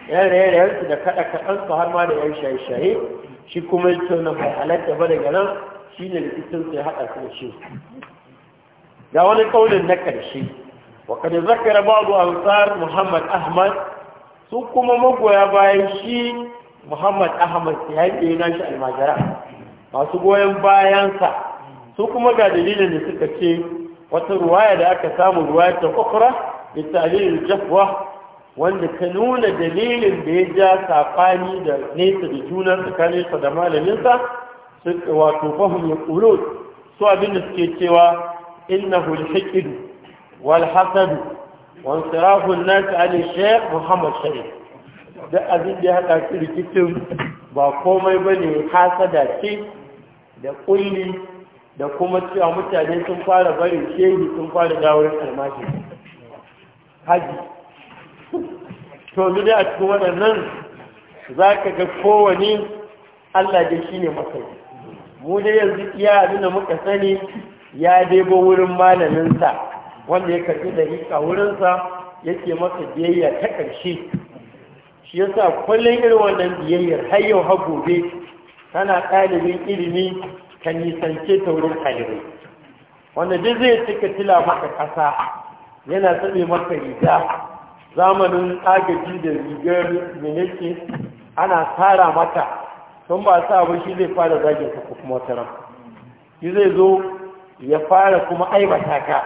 yan raye da kaɗa-kaɗansu har ma da yan shaye-shaye shi kuma ya ce nan halatta ba daga nan shi ne likitan sai haɗa su shi ga wani ƙaunin na ƙarshe wa kada zakara ansar muhammad ahmad su kuma magoya bayan shi muhammad ahmad ya yana nashi almajara masu goyon bayansa su kuma ga dalilin da suka ce wata ruwaya da aka samu ruwaya ta ukura da talilin jafwa wanda ka nuna dalilin da ya ja safani da nesa da juna tsakaninsa da malaminsa wato fahim ya su abinda suke cewa innahu al-haqidu wal hasadu wa insirahu an-nas shaykh muhammad sharif da abin da ya haɗa su rikicin ba komai ba ne da ce da ƙulli da kuma cewa mutane sun fara bari shehi sun fara dawar karmashi haji to ni a cikin waɗannan za ka ga kowane allah da shi ne masai mu da yanzu iya abin da muka sani ya debo wurin malaminsa wanda ya karɓi da wurinsa yake masa biyayya ta ƙarshe shi sa kwallon irin wannan biyayyar har yau har gobe tana ɗalibin ilimi ka nisance ta wurin ɗalibai wanda duk zai cika tila maka ƙasa yana tsaɓe maka riga zamanin agaji da rigar minisci ana tara mata sun ba sa abin shi zai fara zagin ka kuma wata ran shi zai zo ya fara kuma aibata ka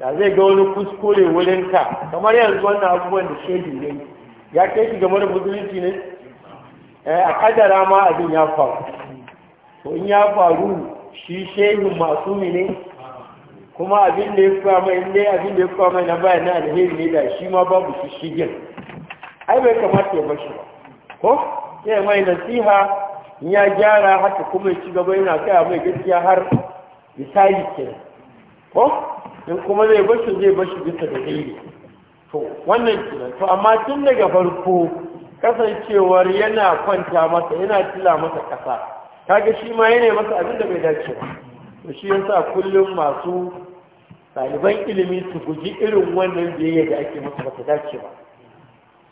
da zai ga wani kuskure wurinka kamar yanzu wannan abubuwan da shehi ne ya kai ki game da musulunci ne eh, a kadara ma abin ya faru to in ya faru shi shehin masu ne kuma abin da ya kwama in dai abin da ya mai na bayan na alheri ne da shi ma babu shi shigin ai bai kamata ya bashi ba ko sai mai nasiha in ya gyara haka kuma ya ci gaba yana kaya mai gaskiya har misali kenan ko in kuma zai bashi zai bashi bisa da daidai to wannan kenan to amma tun daga farko kasancewar yana kwanta masa yana tila masa kasa kaga shi ma yana masa abin da bai dace ba to shi yasa kullum masu ɗaliban ilimi su guji irin wannan biyayya da ake masa bata dace ba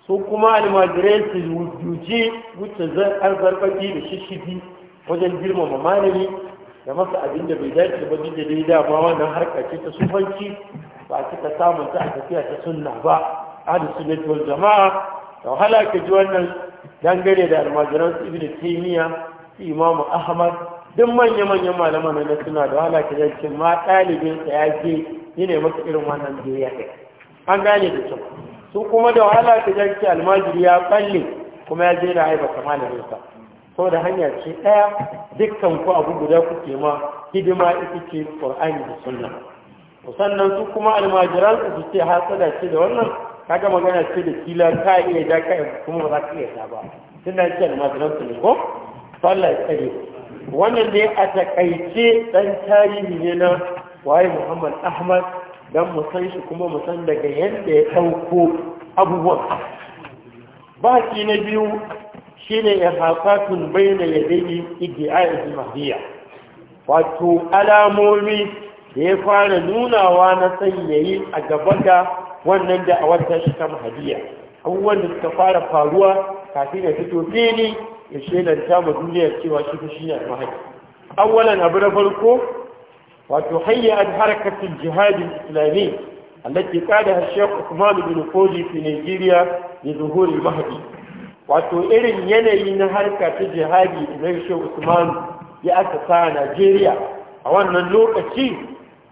su kuma almajirai su wuce wuce zarfafi da shishidi wajen girmama malami da masa abin da bai dace ba duk da dai dama wannan harka ce ta sufanci ba kika samun ta a tafiya ta sunna ba ahli sunnati wal jama'a to halaka ji wannan dangane da almajiran su ibnu taymiya su imam ahmad duk manya manyan malaman na suna da halaka da cikin ma ɗalibin sa yake yine masa irin wannan biyayya an gane da kyau su kuma da wahala ta jarki almajiri ya balle kuma ya je da haifa kamalarin sa saboda hanya ce ɗaya dukkan ku abu guda kuke ma hidima ita ce qur'ani da sunna sannan su kuma almajiran su ce hasada ce da wannan kaga magana ce da kila ka iya ja ka kuma ba za ka iya ta ba tun da ce almajiran su ne ko sallah wannan dai a takaice dan tarihi ne na waye muhammad ahmad dan mu san shi kuma mu san daga yanda ya ɗauko abubuwan baki na biyu shine ihaqatun bayna yadayhi idda'a al-mahdiyya wato alamomi da ya fara nunawa na sanyayi a gaba ga wannan da a wata shi ta mahadiya abubuwan da suka fara faruwa kafin ya fito fili ya ta mu duniyar cewa shi fi shi ne mahadi awwalan abu na farko wato hayya an harkatin jihadin islami allati qadaha shaykh Usman bin Fodi fi Nigeria da zuhuri mahadi wato irin yanayi na harka ta jihadi da Sheikh Usman ya aka sa a Najeriya a wannan lokaci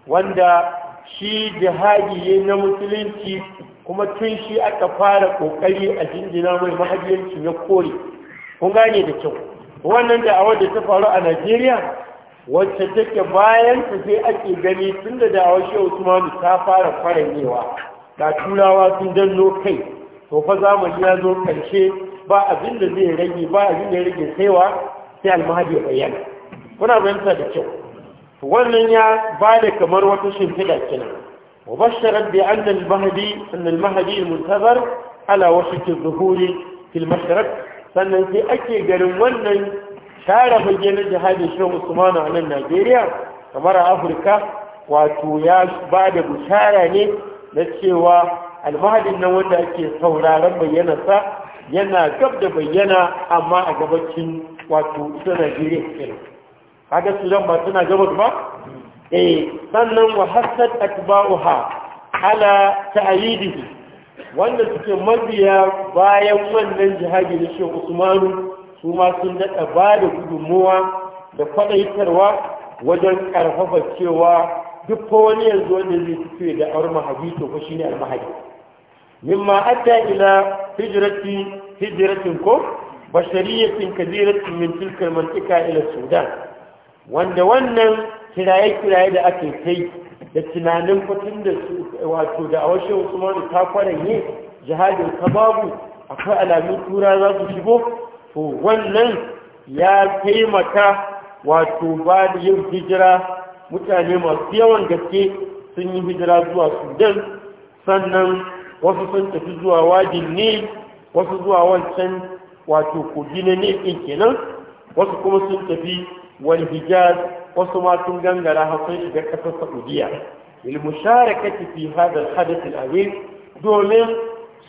wanda shi jihadi ya na musulunci kuma tun shi aka fara kokari a jinjina mai mahajiyarci ya kore kun gane da kyau wannan da awar da ta faru a najeriya wacce take bayan ta sai ake gani tun da da awar shehu usmanu ta fara faranewa ga turawa sun danno kai to fa zamani ya zo karshe ba abin da zai rage ba abin da ya rage saiwa sai almahadi ya bayyana kuna bayanta da kyau wannan ya bada kamar wata shimfiɗa kenan wa basharar da an da mahadi an da mahadi muntazar ala wasu ke zuhuri fil sannan sai ake garin wannan share fage na jihadin shehu usman a nan najeriya kamar a afirka wato ya ba da bushara ne na cewa almahadin nan wanda ake sauraron bayyanarsa yana gab da bayyana amma a gabacin wato ita najeriya kenan kaga sudan ba suna gabas ba eh sannan wa hasad atba'uha ala ta'yidihi wanda suke mabiya bayan wannan jihadi na Sheikh Usman su ma sun dada ba da gudunmuwa da faɗaitarwa wajen karfafa cewa duk ko wani yanzu wanda zai fito da aure mahabi to ko shine almahadi mimma atta ila hijrati hijratin ko bashariyatin kadiratin min tilka al ila sudan wanda wannan kiraye-kiraye da ake kai da tunanin fitin da su wato da washe usman ta yi jihadin ka babu akwai alamun tura za su shigo to wannan ya taimaka wato ba da yin hijira mutane masu yawan gaske sun yi hijira zuwa sudan sannan wasu sun tafi zuwa wajin ne wasu zuwa wancan wato kogi na ne kenan wasu kuma sun tafi wal hijaz wasu ma sun gangara hakan shiga kasar saudiya lil musharakati fi hadha hadath al azim domin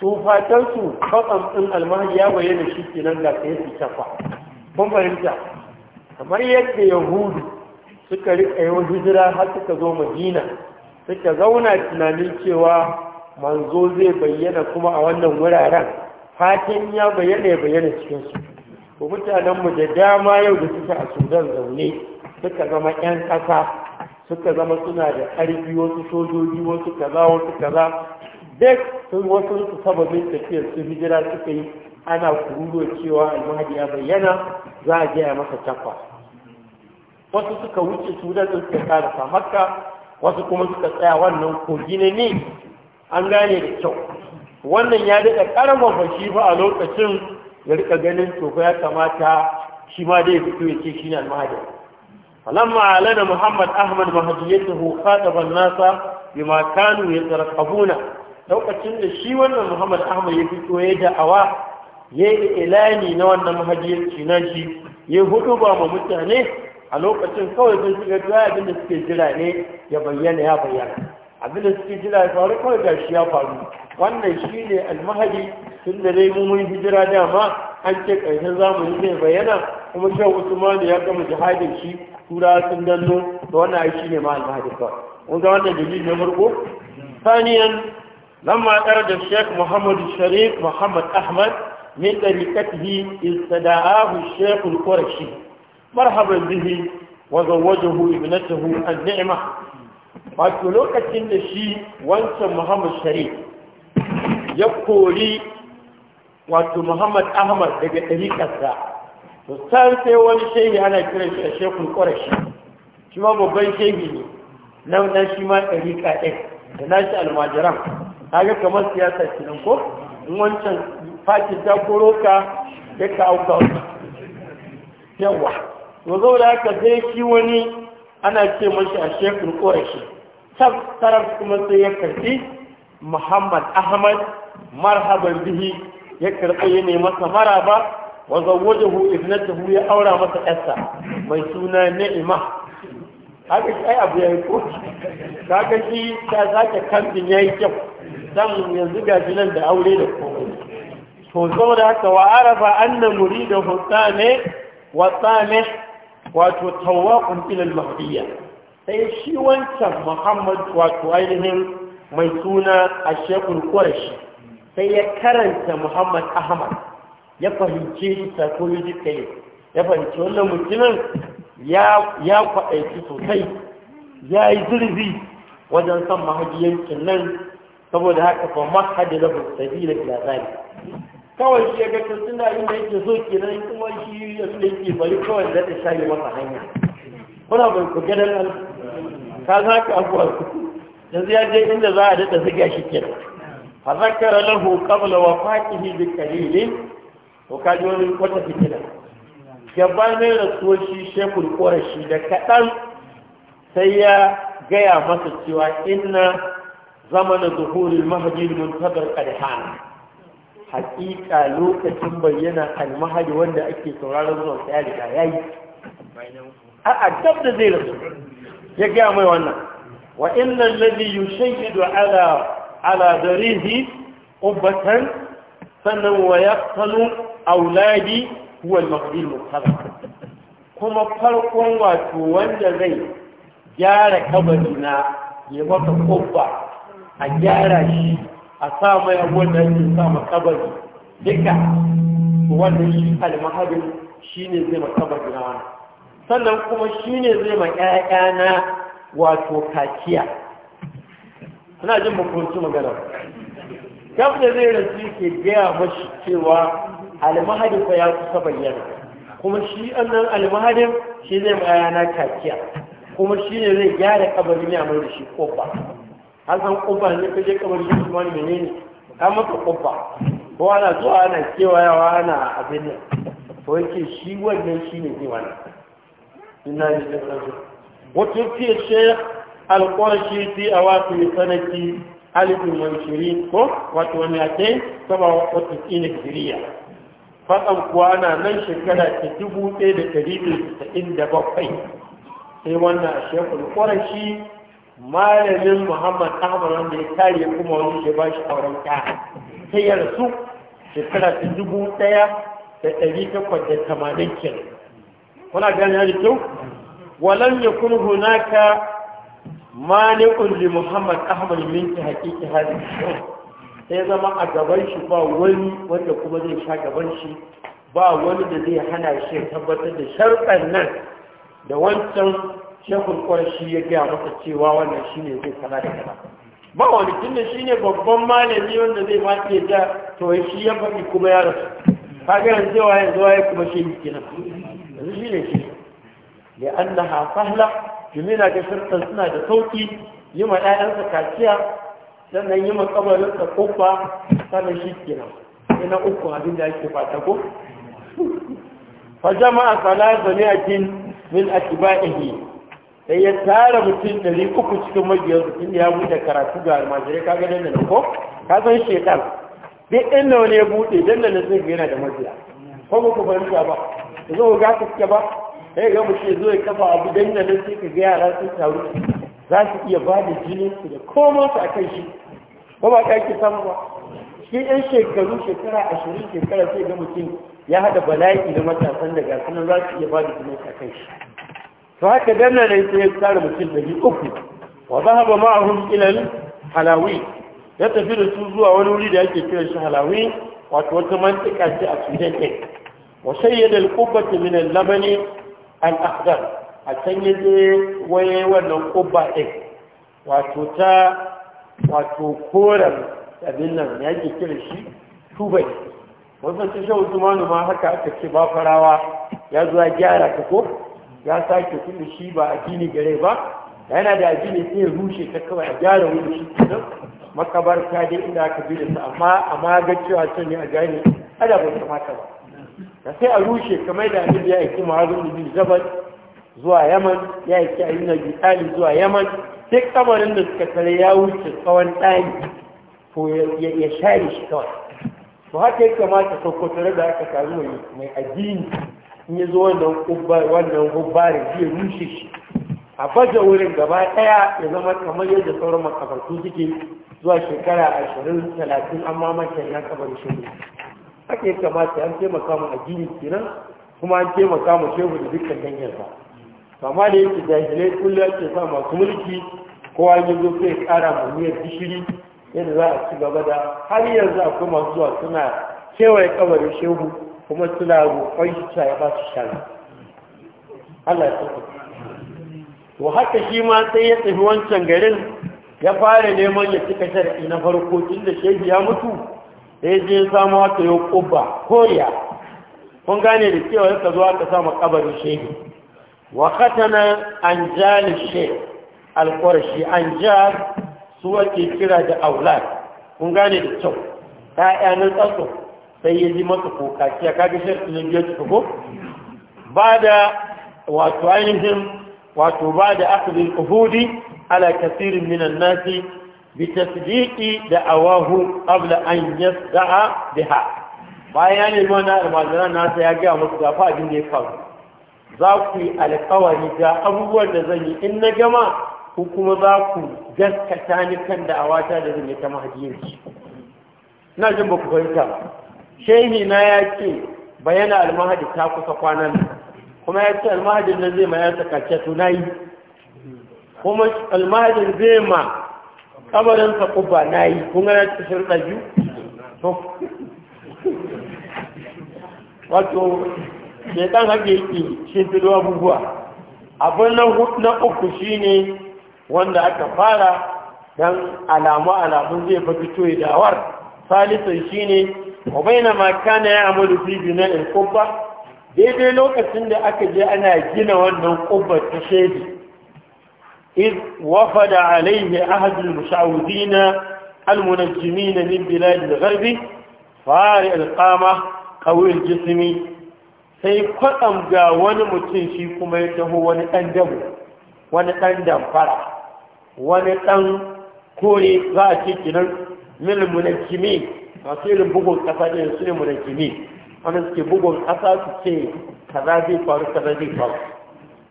su fatan su fatsam din almahdi ya bayyana shi kenan da kai su tafa kun fahimta kamar yadda yahudu suka rika yawan hijira har suka zo madina suka zauna tunanin cewa manzo zai bayyana kuma a wannan wuraren fatan ya bayyana ya bayyana cikinsu ko mutanenmu da dama yau da suke a sudan zaune suka zama 'yan ƙasa suka zama suna da ƙarfi wasu sojoji wasu kaza wasu kaza duk sun wasu su sababin tafiyar su hijira suka yi ana kururuwa cewa almahadi ya bayyana za a gaya masa tafa wasu suka wuce sudan din suka kara samarka wasu kuma suka tsaya wannan kogi ne ne an gane da kyau wannan ya daɗa ƙarfafa fashi ba a lokacin ya rika ganin tofa ya kamata shi ma dai fito ya ce ne almahadi falamma alana muhammad ahmad mahadiyatuhu huka an-nasa bima kanu yatarqabuna lokacin da shi wannan muhammad ahmad ya fito ya da'awa ya yi ilani na wannan mahajiyarci na shi ya hudu ba ma mutane a lokacin kawai sun shiga duk abin da suke jira ne ya bayyana ya bayyana abin da suke jira ya faru ya faru wannan shine ne almahadi tun da dai mu mun hijira dama an ce ƙarshen zamani zai bayyana kuma shan usmanu ya gama jihadin shi tura sun dando da wannan shi ne ma almahadi kawai kun ga wannan dalili na farko saniyan lan ma tare da sheikh muhammad sharif muhammad ahmad min dariqatihi istada'ahu sheikh al-qurashi marhaban bihi wa zawwajahu ibnatahu an-ni'mah wato lokacin da shi wancan muhammad sharif ya kori wato muhammad ahmad daga ɗariƙarsa to san sai wani shehi ana kiran shi a shekun ƙorashi shi ma babban shehi ne na shi ma ɗariƙa ɗin da na shi almajiran ga kamar siyasa kenan ko in wancan fatin ta koro ka ya ka auka yawa to zaura haka zai shi wani ana ce mashi a shekun ƙorashi tarar kuma sai ya karfi muhammad ahmad marhaban bihi ya karɓi ya ne masa maraba wa zawwajahu ibnatahu ya aura masa 'yarsa, mai suna ni'ima haka shi ai abu yayi ko kaga shi ta sake ya yayi kyau dan yanzu ga nan da aure da komai to da haka wa arafa da murida husane wa tsane wato tawaqun ila al-mahdiyya sai shi wancan muhammad wato ainihin mai suna a shekul ƙorashi sai ya karanta muhammad ahmad ya fahimce shi psychologically ya fahimci wannan mutumin ya kwaɗaiki sosai ya yi zurbi wajen son mahajiyancin nan saboda haka fa mahadi da sabila ila zalik kawai shi ya ga tun da inda yake so kenan kuma shi ya yake bari kawai da ta shayi masa hanya Kuna bai ku ka za ka abuwa yanzu ya je inda za a daɗa zuga shi ke fa zakara lahu qabla wafatihi bi qalilin to ka ji wani wata fitina gabanin rasuwar shi shekul korashi da kaɗan sai ya gaya masa cewa inna zamana zuhurin mahajin muntabar hana Haƙiƙa lokacin bayyana almahadi wanda ake sauraron zuwa sai ya riga yayi a adab da zai rasu ya gaya mai wannan wa inna alladhi yushayyidu ala ala darihi ubatan sannan wa yaqtalu auladi huwa al-maqdil kuma farkon wato wanda zai gyara kabari na ya maka kubba a gyara shi a sa mai abuwan da ake sa kabari duka wannan shi shi shine zai maka kabari wannan sannan kuma shi ne zai ma na wato kaciya suna jin makonci magana kaf da zai rasu ke gaya mashi cewa almahadin fa ya kusa bayyana kuma shi annan almahadin shi zai ma na kaciya kuma shi ne zai gyara ne a mai da shi kofa hasan kofa ne ka je ƙabar shi kuma ne menene ka maka kofa ko ana zuwa ana kewayawa ana abin nan to yake shi wannan shi ne zai wannan inna lillahi wa inna وتوفي الشيخ القرشي في أواخر سنة 1020 وتومئتين سبعة وتسعين هجرية faɗan kuwa na nan shekara ta dubu ɗaya da ɗari tasa'in da bakwai sai wannan a shekul ƙwarashi malamin muhammad ahmad wanda ya kare kuma wani ya ba shi auren ƙa Ta ya shekara ta dubu ɗaya da ɗari takwas da tamanin kenan kuna gane ya kyau walam yakun hunaka mani'un li Muhammad Ahmad min tahqiqi hadhihi sai zama a gaban shi ba wani wanda kuma zai sha gaban shi ba wani da zai hana shi tabbatar da sharɗan nan da wancan shekul ƙwarshi ya gaya masa cewa wannan shi ne zai sana da sana ba wani tun da shi ne babban malami wanda zai mace da to shi ya faɗi kuma ya rasu ka ga yanzu cewa yanzu ya kuma shi ne kenan yanzu shi ne shi da an na hafahla jimina ga shirkan suna da sauki yi ma ɗayansa kaciya sannan yi ma kabarinsa kofa sannan shi kenan ina uku abin da ake fata ko fa jama'a salatu mi'atin min ihe sai ya tara mutum ɗari uku cikin su tun ya buɗe karatu ga almajirai kaga dandana ko ka san shekar duk inda wani ya buɗe dandana zai yana da majiya ko ba ku fahimta ba zo ga ka suke ba sai ga mu ce zo ya kafa abu nan sai ka ga yara sun taru za su iya ba da jinin su da koma su akan shi ba ba ka ki san ba shi ɗan shekaru shekara ashirin shekara sai ga mutum ya haɗa bala'i da matasan da nan za su iya ba da jinin su akan shi to haka nan sai ya tsara mutum ɗari uku wa zahaba ma'ahum ilal halawi ya tafi da su zuwa wani wuri da ake kiran shi halawi wato wata mantika ce a sudan ɗin وشيد القبة من اللبن الأخضر أتنجد ويوان القبة إيه وتتا وتكورا أبنى من يجي كل شيء توبي wannan ta shawar zumanu ma haka aka ce ba farawa ya zuwa gyara ta ko ya sake tunda shi ba addini gare ba yana da addini sai rushe ta kawai a gyara wani shi kenan makabarta dai inda aka bi da su amma a maga cewa ne a gane ada ba ta ba da sai a rushe kamar da yi ya aiki muhazin da zabar zuwa yaman ya aiki yi na ali zuwa yaman duk kamarin da suka tare ya wuce tsawon ɗani ko ya share shi kawai to haka ya kamata sokoto da aka karu mai addini in ya zo wannan gubbarin zai rushe shi a baje wurin gaba ɗaya ya zama kamar yadda sauran makabartu suke zuwa shekara ashirin talatin amma mace na kabar shi ake ya kamata an taimaka mu addini kenan kuma an taimaka mu shehu da dukkan hanyar ba. amma da yake jahilai kullum ake sa masu mulki kowa ya zo sai kara mu niyyar gishiri yadda za a ci gaba da har yanzu akwai masu zuwa suna kewaye kabarin shehu kuma suna roƙon shi ya ba su shari Allah ya tsaka to haka shi ma sai ya tafi wancan garin ya fara neman ya cika shar'i na farko tun da shehu ya mutu sai je samu haka yau kubba koriya kun gane da cewa yaka zuwa ka samu kabarin shehu wa katana an jali she alkwarshi an jar su wake kira da aulad kun gane da kyau ta na tsatso sai ya ji masa kokaci a kaga shirkin biyar biyo ciko ba da wato ainihin wato ba da akadin kuhudi ala kasirin minan nasi bitasdiqi da awahu qabla an yasda'a biha bayan ne mana na nasa ya gaya musu gafa abin da ya faru za ku yi alkawari ga abubuwan da zan yi in na gama ku kuma za ku gaskata ni kan da'awata da zan yi ta mahajiyarci ina jin ba ku fahimta ba shehi na ya ce bayana almahadi ta kusa kwanan nan kuma ya ce almahadin nan zai ma ya sakace tunayi kuma almahadin zai ma kabarin ka kuba na yi kun gana shirin ɗaju wato shaitan haka yake ruwa buguwa abin na uku shine wanda aka fara don alamu alamun zai fi fito ya awar. salisun shine wabaina maka na ya amadu fi na ɗin kubba daidai lokacin da aka je ana gina wannan kubba ta shaidi إذ وفد عليه أهد المشعوذين المنجمين من بلاد الغرب فارئ القامة قوي الجسم سيقوم جاوان متنشي كما يتهو ونتندم ونتندم فرح ونتن كوري غاتي كنن من المنجمين فصير bugun ƙasa يصير المنجمين ne munajimi wanda suke bugun ƙasa su ce kaza zai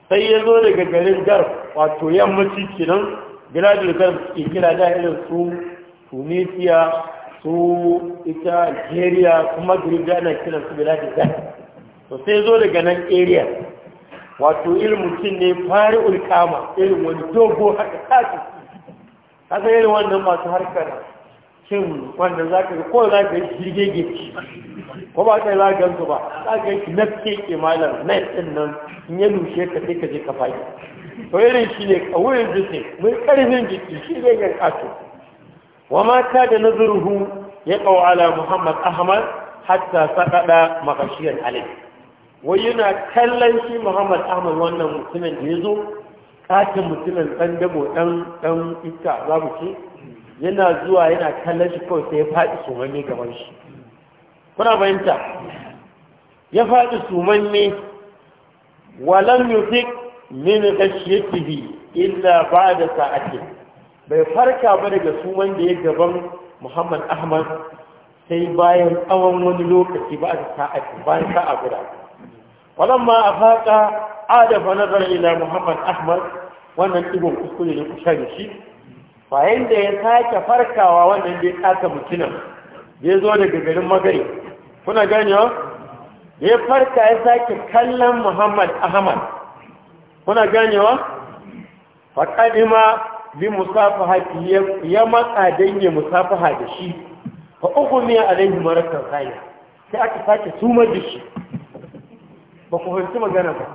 sai ya zo daga garin gar wato yammaci kinan biladul gar ke kira da irin su tunisia su ita algeria kuma girgin na kiran su biladul gar to sai zo daga nan area wato irin ne fari ulkama irin wani dogo haka kasu haka irin wannan masu harkar cin wanda za ka ko za ka yi shirgege ko ba ka yi zagan su ba za ka yi na ke malar na yi nan in ya lushe ka sai ka je ka fage to irin shi ne a wurin jiki mai ƙarfin jiki shi ne ga ƙato wa mata da nazurhu ya ƙawala muhammad ahmad hatta saɗaɗa makashiyar alai wai yana kallon shi muhammad ahmad wannan mutumin da ya zo Katin mutumin ɗan dabo ɗan ɗan iska za mu ce yana zuwa yana kallon shi kawai sai ya faɗi sumanni gaban shi kuna bayanta ya faɗi sumanni walan yusik min ghashiyatihi illa ba'da sa'ati bai farka ba daga suman da ya gaban Muhammad Ahmad sai bayan tsawon wani lokaci ba da sa'ati bayan sa'a guda walamma afaqa ada fa nazara ila Muhammad Ahmad wannan ibn kuskure ne ku shi bayan da ya sake farkawa wannan da ya tsaka mutunan ya zo daga garin magari kuna gani wa ya farka ya sake kallon muhammad ahmad kuna gani wa faƙaɗima bi musafaha ya matsa don ya musafaha da shi fa uku ne alaihi maratar sai aka sake suma da shi ba ku fahimci magana ba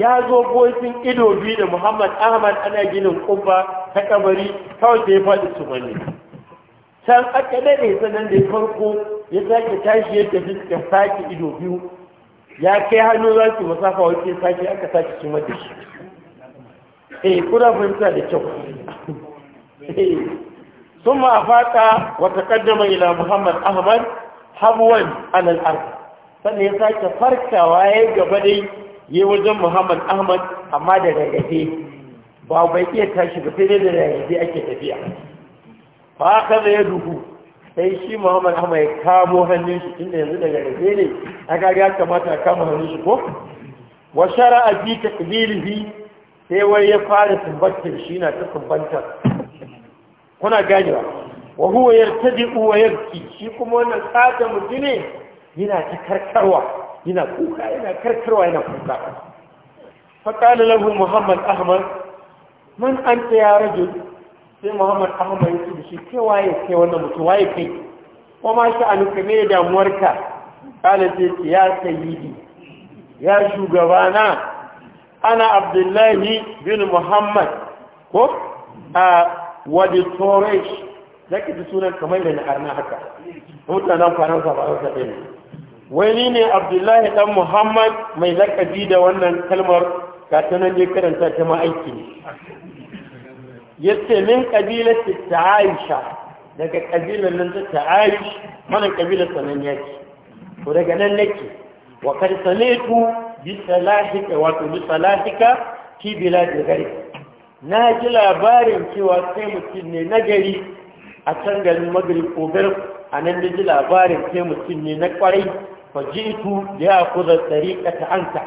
ya zo gosin ido biyu da muhammad ahmad ana ginin kubba ta kabari kawai da ya faɗi su bane can aka ne sanan da farko ya sake tashi ya tafi suka sake ido biyu ya kai hannu za su masafa wace sake aka sake su mata shi eh kuna fahimta da kyau ثم أفاق وتقدم إلى محمد أحمد حبوا على الأرض sannan ya sake farkawa ya gaba dai ya wajen muhammad ahmad amma da rarrafe ba bai iya tashi ba sai dai da rarrafe ake tafiya ba ka zai duhu sai shi muhammad ahmad ya kamo hannun shi inda yanzu da rarrafe ne a gari ya kamata a kama hannun shi ko wa shara'a fi takdirihi sai wai ya fara sumbantar shi na ta sumbantar kuna ganewa wa huwa yartadi wa yabki shi kuma wannan sata mutune yana ta karkarwa yana kuka yana karkarwa yana kuka faƙalin lahu muhammad ahmad man an ta ya rage sai muhammad ahmad ya ce da shi kai waye kai wannan mutum waye kai ko ma shi anuka me damuwarka ƙalin sai ce ya sayyidi ya shugabana ana abdullahi bin muhammad ko a wadi toresh zaki ji sunan kamar da na arna haka mutanen kwanan sa ba wai ni ne abdullahi dan muhammad mai lakabi da wannan kalmar ga ta nan ne karanta ta ma'aiki ne ya ce min kabilar ta aisha daga kabilar nan ta aish mana kabilar sanan ya ce ko daga nan nake wa karsane sanitu bi salahika wato bi salahika fi da gari na ji labarin cewa sai mutum ne na gari a can garin magrib ko a nan da ji labarin sai mutum ne na kwarai fajitu da ya kuza ɗariƙa ta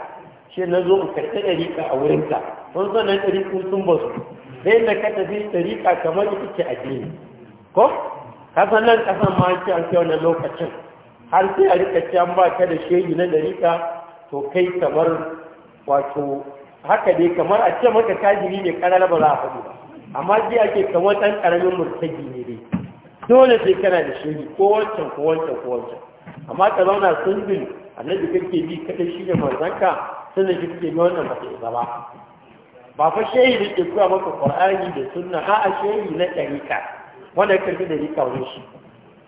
shi na zo in ta ɗariƙa a wurinka sun sanar ɗariƙun sun ba su sai da ka tafi ɗariƙa kamar ita ce addini ko kasan nan ƙasan ma ce an kyau na lokacin har sai a rika ce an ba ka da shehi na ɗariƙa to kai kamar wato haka dai kamar a ce maka kajiri ne ƙarar ba za a faɗi ba amma ji ake kamar ɗan ƙaramin murtaji ne dai dole sai kana da shehi ko wancan ko wancan ko wancan amma ka zauna nan annabi kake bi kada shi ne manzanka sannan ji kake bi wannan ba ta ba ba fa shehi da ke kuwa maka qur'ani da sunna a a shehi na ɗarika wanda ka karɓi ɗarika wurin shi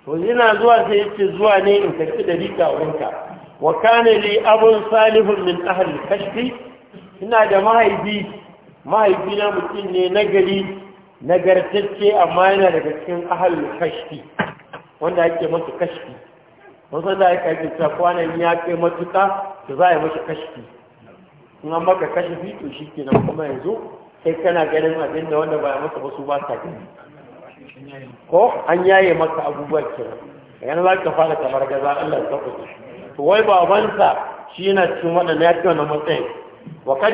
to yana zuwa sai yace zuwa ne in karɓi ɗarika ka wa kana li abun salihun min ahli kashfi ina da mahaifi mahaifi na mutum ne nagari nagartacce amma yana daga cikin ahli kashfi wanda ake masa kashfi wasu da ya kai ta kwanan ya ke matuka da za a yi mashi kashifi Kuma an maka kashifi to shi ke nan kuma yanzu sai kana ganin abin da wanda ba ya masa wasu ba sa gani ko an yaye maka abubuwa ke nan yana za ka fara kamar gaza Allah ya sauka to wai babansa shi yana cikin waɗanda ya ci na matsayin wa kad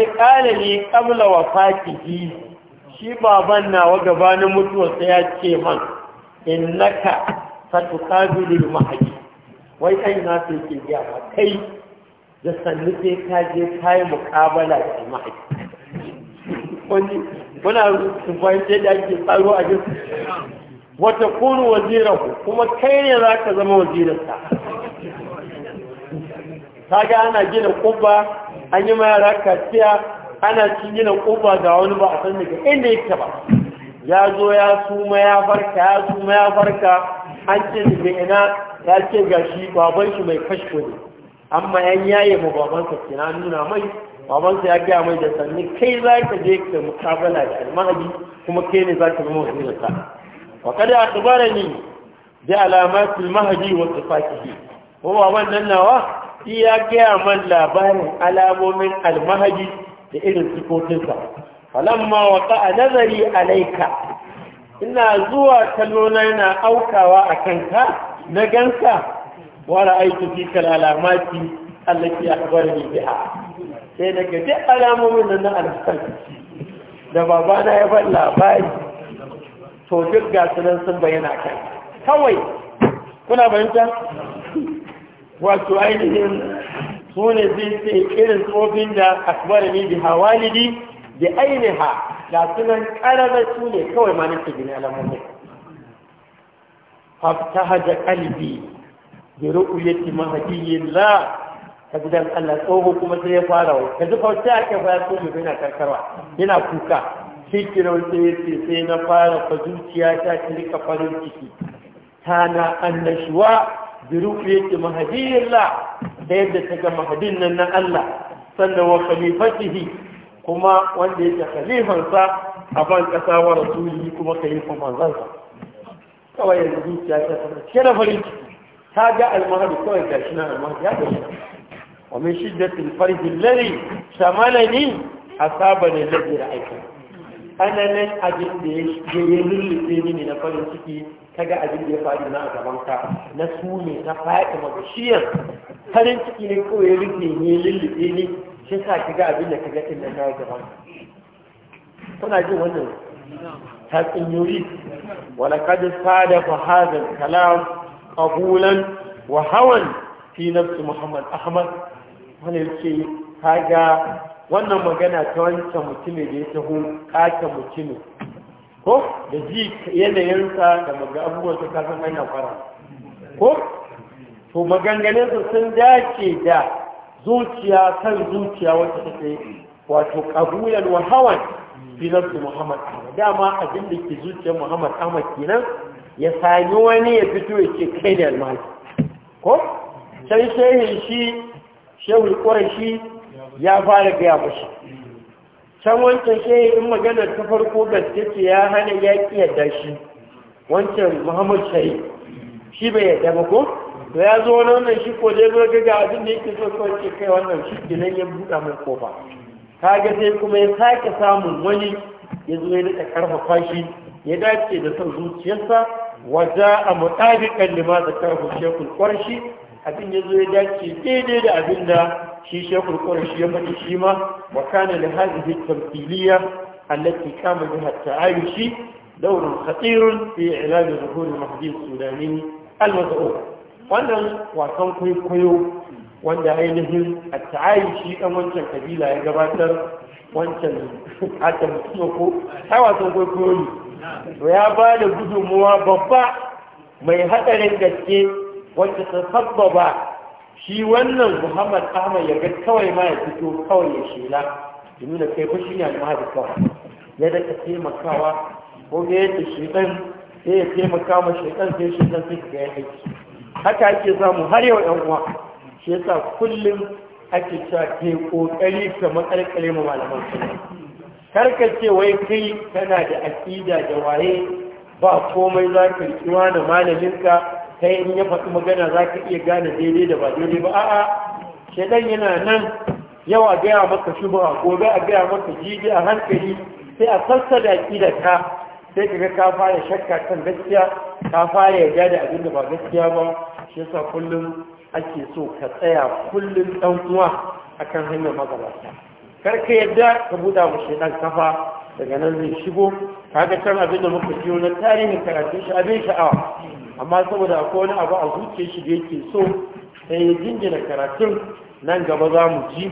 kamla wa faki ji shi baban wa gabanin mutuwarsa ya ce man innaka satuqabilu mahajji wai kai na su ke biya ba kai da sannu sai ka je ka yi muƙabala da jama'a wani muna fahimtar da ake tsaro a jin wata kunu wazirahu kuma kai ne za ka zama wazirinsa ta ga ana gina ƙuba an yi mayara kaciya ana cin gina ƙuba ga wani ba a san daga inda yake ba ya zo ya suma ya farka ya suma ya farka an ce da mai ina ya ce ga shi baban shi mai kashko ne amma yan yaye ma babansa kina nuna mai babansa ya gaya mai da sanni kai za ka je ka mukabala da almahadi kuma kai ne za ka zama ta. wa kada akbara ni da alamatul mahadi wa sifatihi ko baban nan nawa shi ya gaya man labarin alamomin almahadi da irin sifofinsa falamma a nazari alaika? ina zuwa kallona yana aukawa a kanka na ganka wara aiki fi kal alamati allati akhbarani biha sai daga duk alamomin nan na alfarki da babana ya ban labari to duk ga sunan sun bayyana kai kawai kuna bayanta wato ainihin su ne zai ce irin tsofin da akbarani biha walidi da ainiha ga ƙara ƙararra su ne kawai ma nake gini alamomin fafta haja ƙalbi da ru'uyati mahadiyin la ka gidan Allah tsoho kuma sai ya fara wa ka zufa wata ake fara so yana karkarwa yana kuka fikira ce sai na fara fa zuciya ta ta rika farin ciki ta na annashuwa da ru'uyati mahadiyin la da yadda ta ga mahadin nan na Allah sannan wa khalifatihi kuma wanda yake khalifansa a ban kasa wa rasuli kuma khalifan manzansa kawai yanzu zuciya ta tsara ke da farin ciki ta ga almahadi kawai ga shi na almahadi ya ga shi wa min shiddatil farhi alladhi shamalani ne alladhi ra'aytu ana nan abin da ya yi lullufe ne na farin ciki ta ga abin da ya faru na a gaban ka na sune na faɗi magashiyar farin ciki ne kawai ya rufe ne lullufe ne shi sa ki ga abin da ka ga din nan na gaban kuna jin wannan tatsinyuri wala kad sada fa hadha kalam qabulan wa hawan fi nafsi muhammad ahmad wani yake ga wannan magana ta wancan mutumin da ya taho kata mutumin ko da ji yanayinsa da maga abubuwan ta kasan hanyar fara ko to maganganunsa sun dace da zuciya kan zuciya wacce take wato qabulan wa hawan bi Muhammad Ahmad dama abin da ke zuciyar Muhammad Ahmad kenan ya sami wani ya fito ya ce kai da almaki ko sai shehin shi shehu ƙwarashi ya fara gaya mashi can wancan shehin in maganar ta farko gaske ce ya hana ya ƙi yadda shi wancan muhammad shari shi bai yadda ba ko da ya zo wani wannan shi ko dai zo gaga abin da yake so kawai ce kai wannan shi nan ya buɗa mai kofa kaga sai kuma ya sake samun wani ya zo ya rika karfafa shi ya dace da son zuciyarsa waja a kan lima zakarahu shekul qurshi abin ya zo ya dace daidai da abin da shi shekul qurshi ya faɗi shi ma wa kana da hadhihi tamthiliya allati kama biha ta'ayushi دور خطير في علاج ظهور المهدي السوداني المزعوم wannan wasan kwaikwayo wanda ainihin a ta'ayi shi ɗan wancan kabila ya gabatar wancan hata mutum ko wasan kwaikwayo ne ya ba da gudunmuwa babba mai haɗarin gaske wacce ta sabbaba shi wannan muhammad ahmad ya ga kawai ma ya fito kawai ya shela Da nuna kai fushi ne ne da kawai ya daga taimakawa ko ga yadda shi ɗan sai ya taimaka ma shi ɗan sai shi ɗan sai ga ya aiki haka ake samu har yau yan uwa shi yasa kullum ake cewa ke kokari ka makalkale ma malaman sunna ka ce wai kai kana da aqida da waye ba komai za ka yi malamin malaminka kai in ya faɗi magana za ka iya gane daidai da ba daidai ba a'a dan yana nan yawa gaya maka shubha gobe a gaya maka jibi a hankali sai a sassa da da ka sai kaga ka fara shakka kan gaskiya ka fara yarda da abin da ba gaskiya ba shi yasa kullum ake so ka tsaya kullum dan uwa akan hanyar magabata kar ka yarda ka buɗa mu shaidan kafa daga nan zai shigo ka kaga can abin da muka ji na tarihin karatun shi abin sha'awa amma saboda akwai wani abu a zuciyar shi da yake so sai ya jinjina karatun nan gaba za mu ji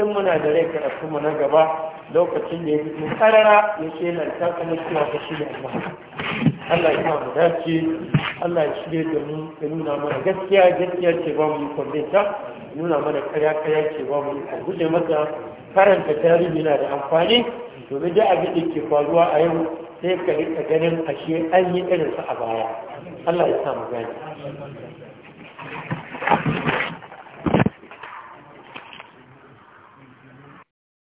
in muna da rai karatun mu na gaba lokacin da ya fito karara ya ce lanta na cewa ta shi da Allah Allah ya mu dace Allah ya shirye da mu ya nuna mana gaskiya gaskiya ce ba mu yi binta nuna mana karya karya ce ba mu yi guje masa karanta tarihi yana da amfani domin da abin da ke faruwa a yau sai ka rika ganin ashe an yi irinsa a baya Allah ya sa mu gani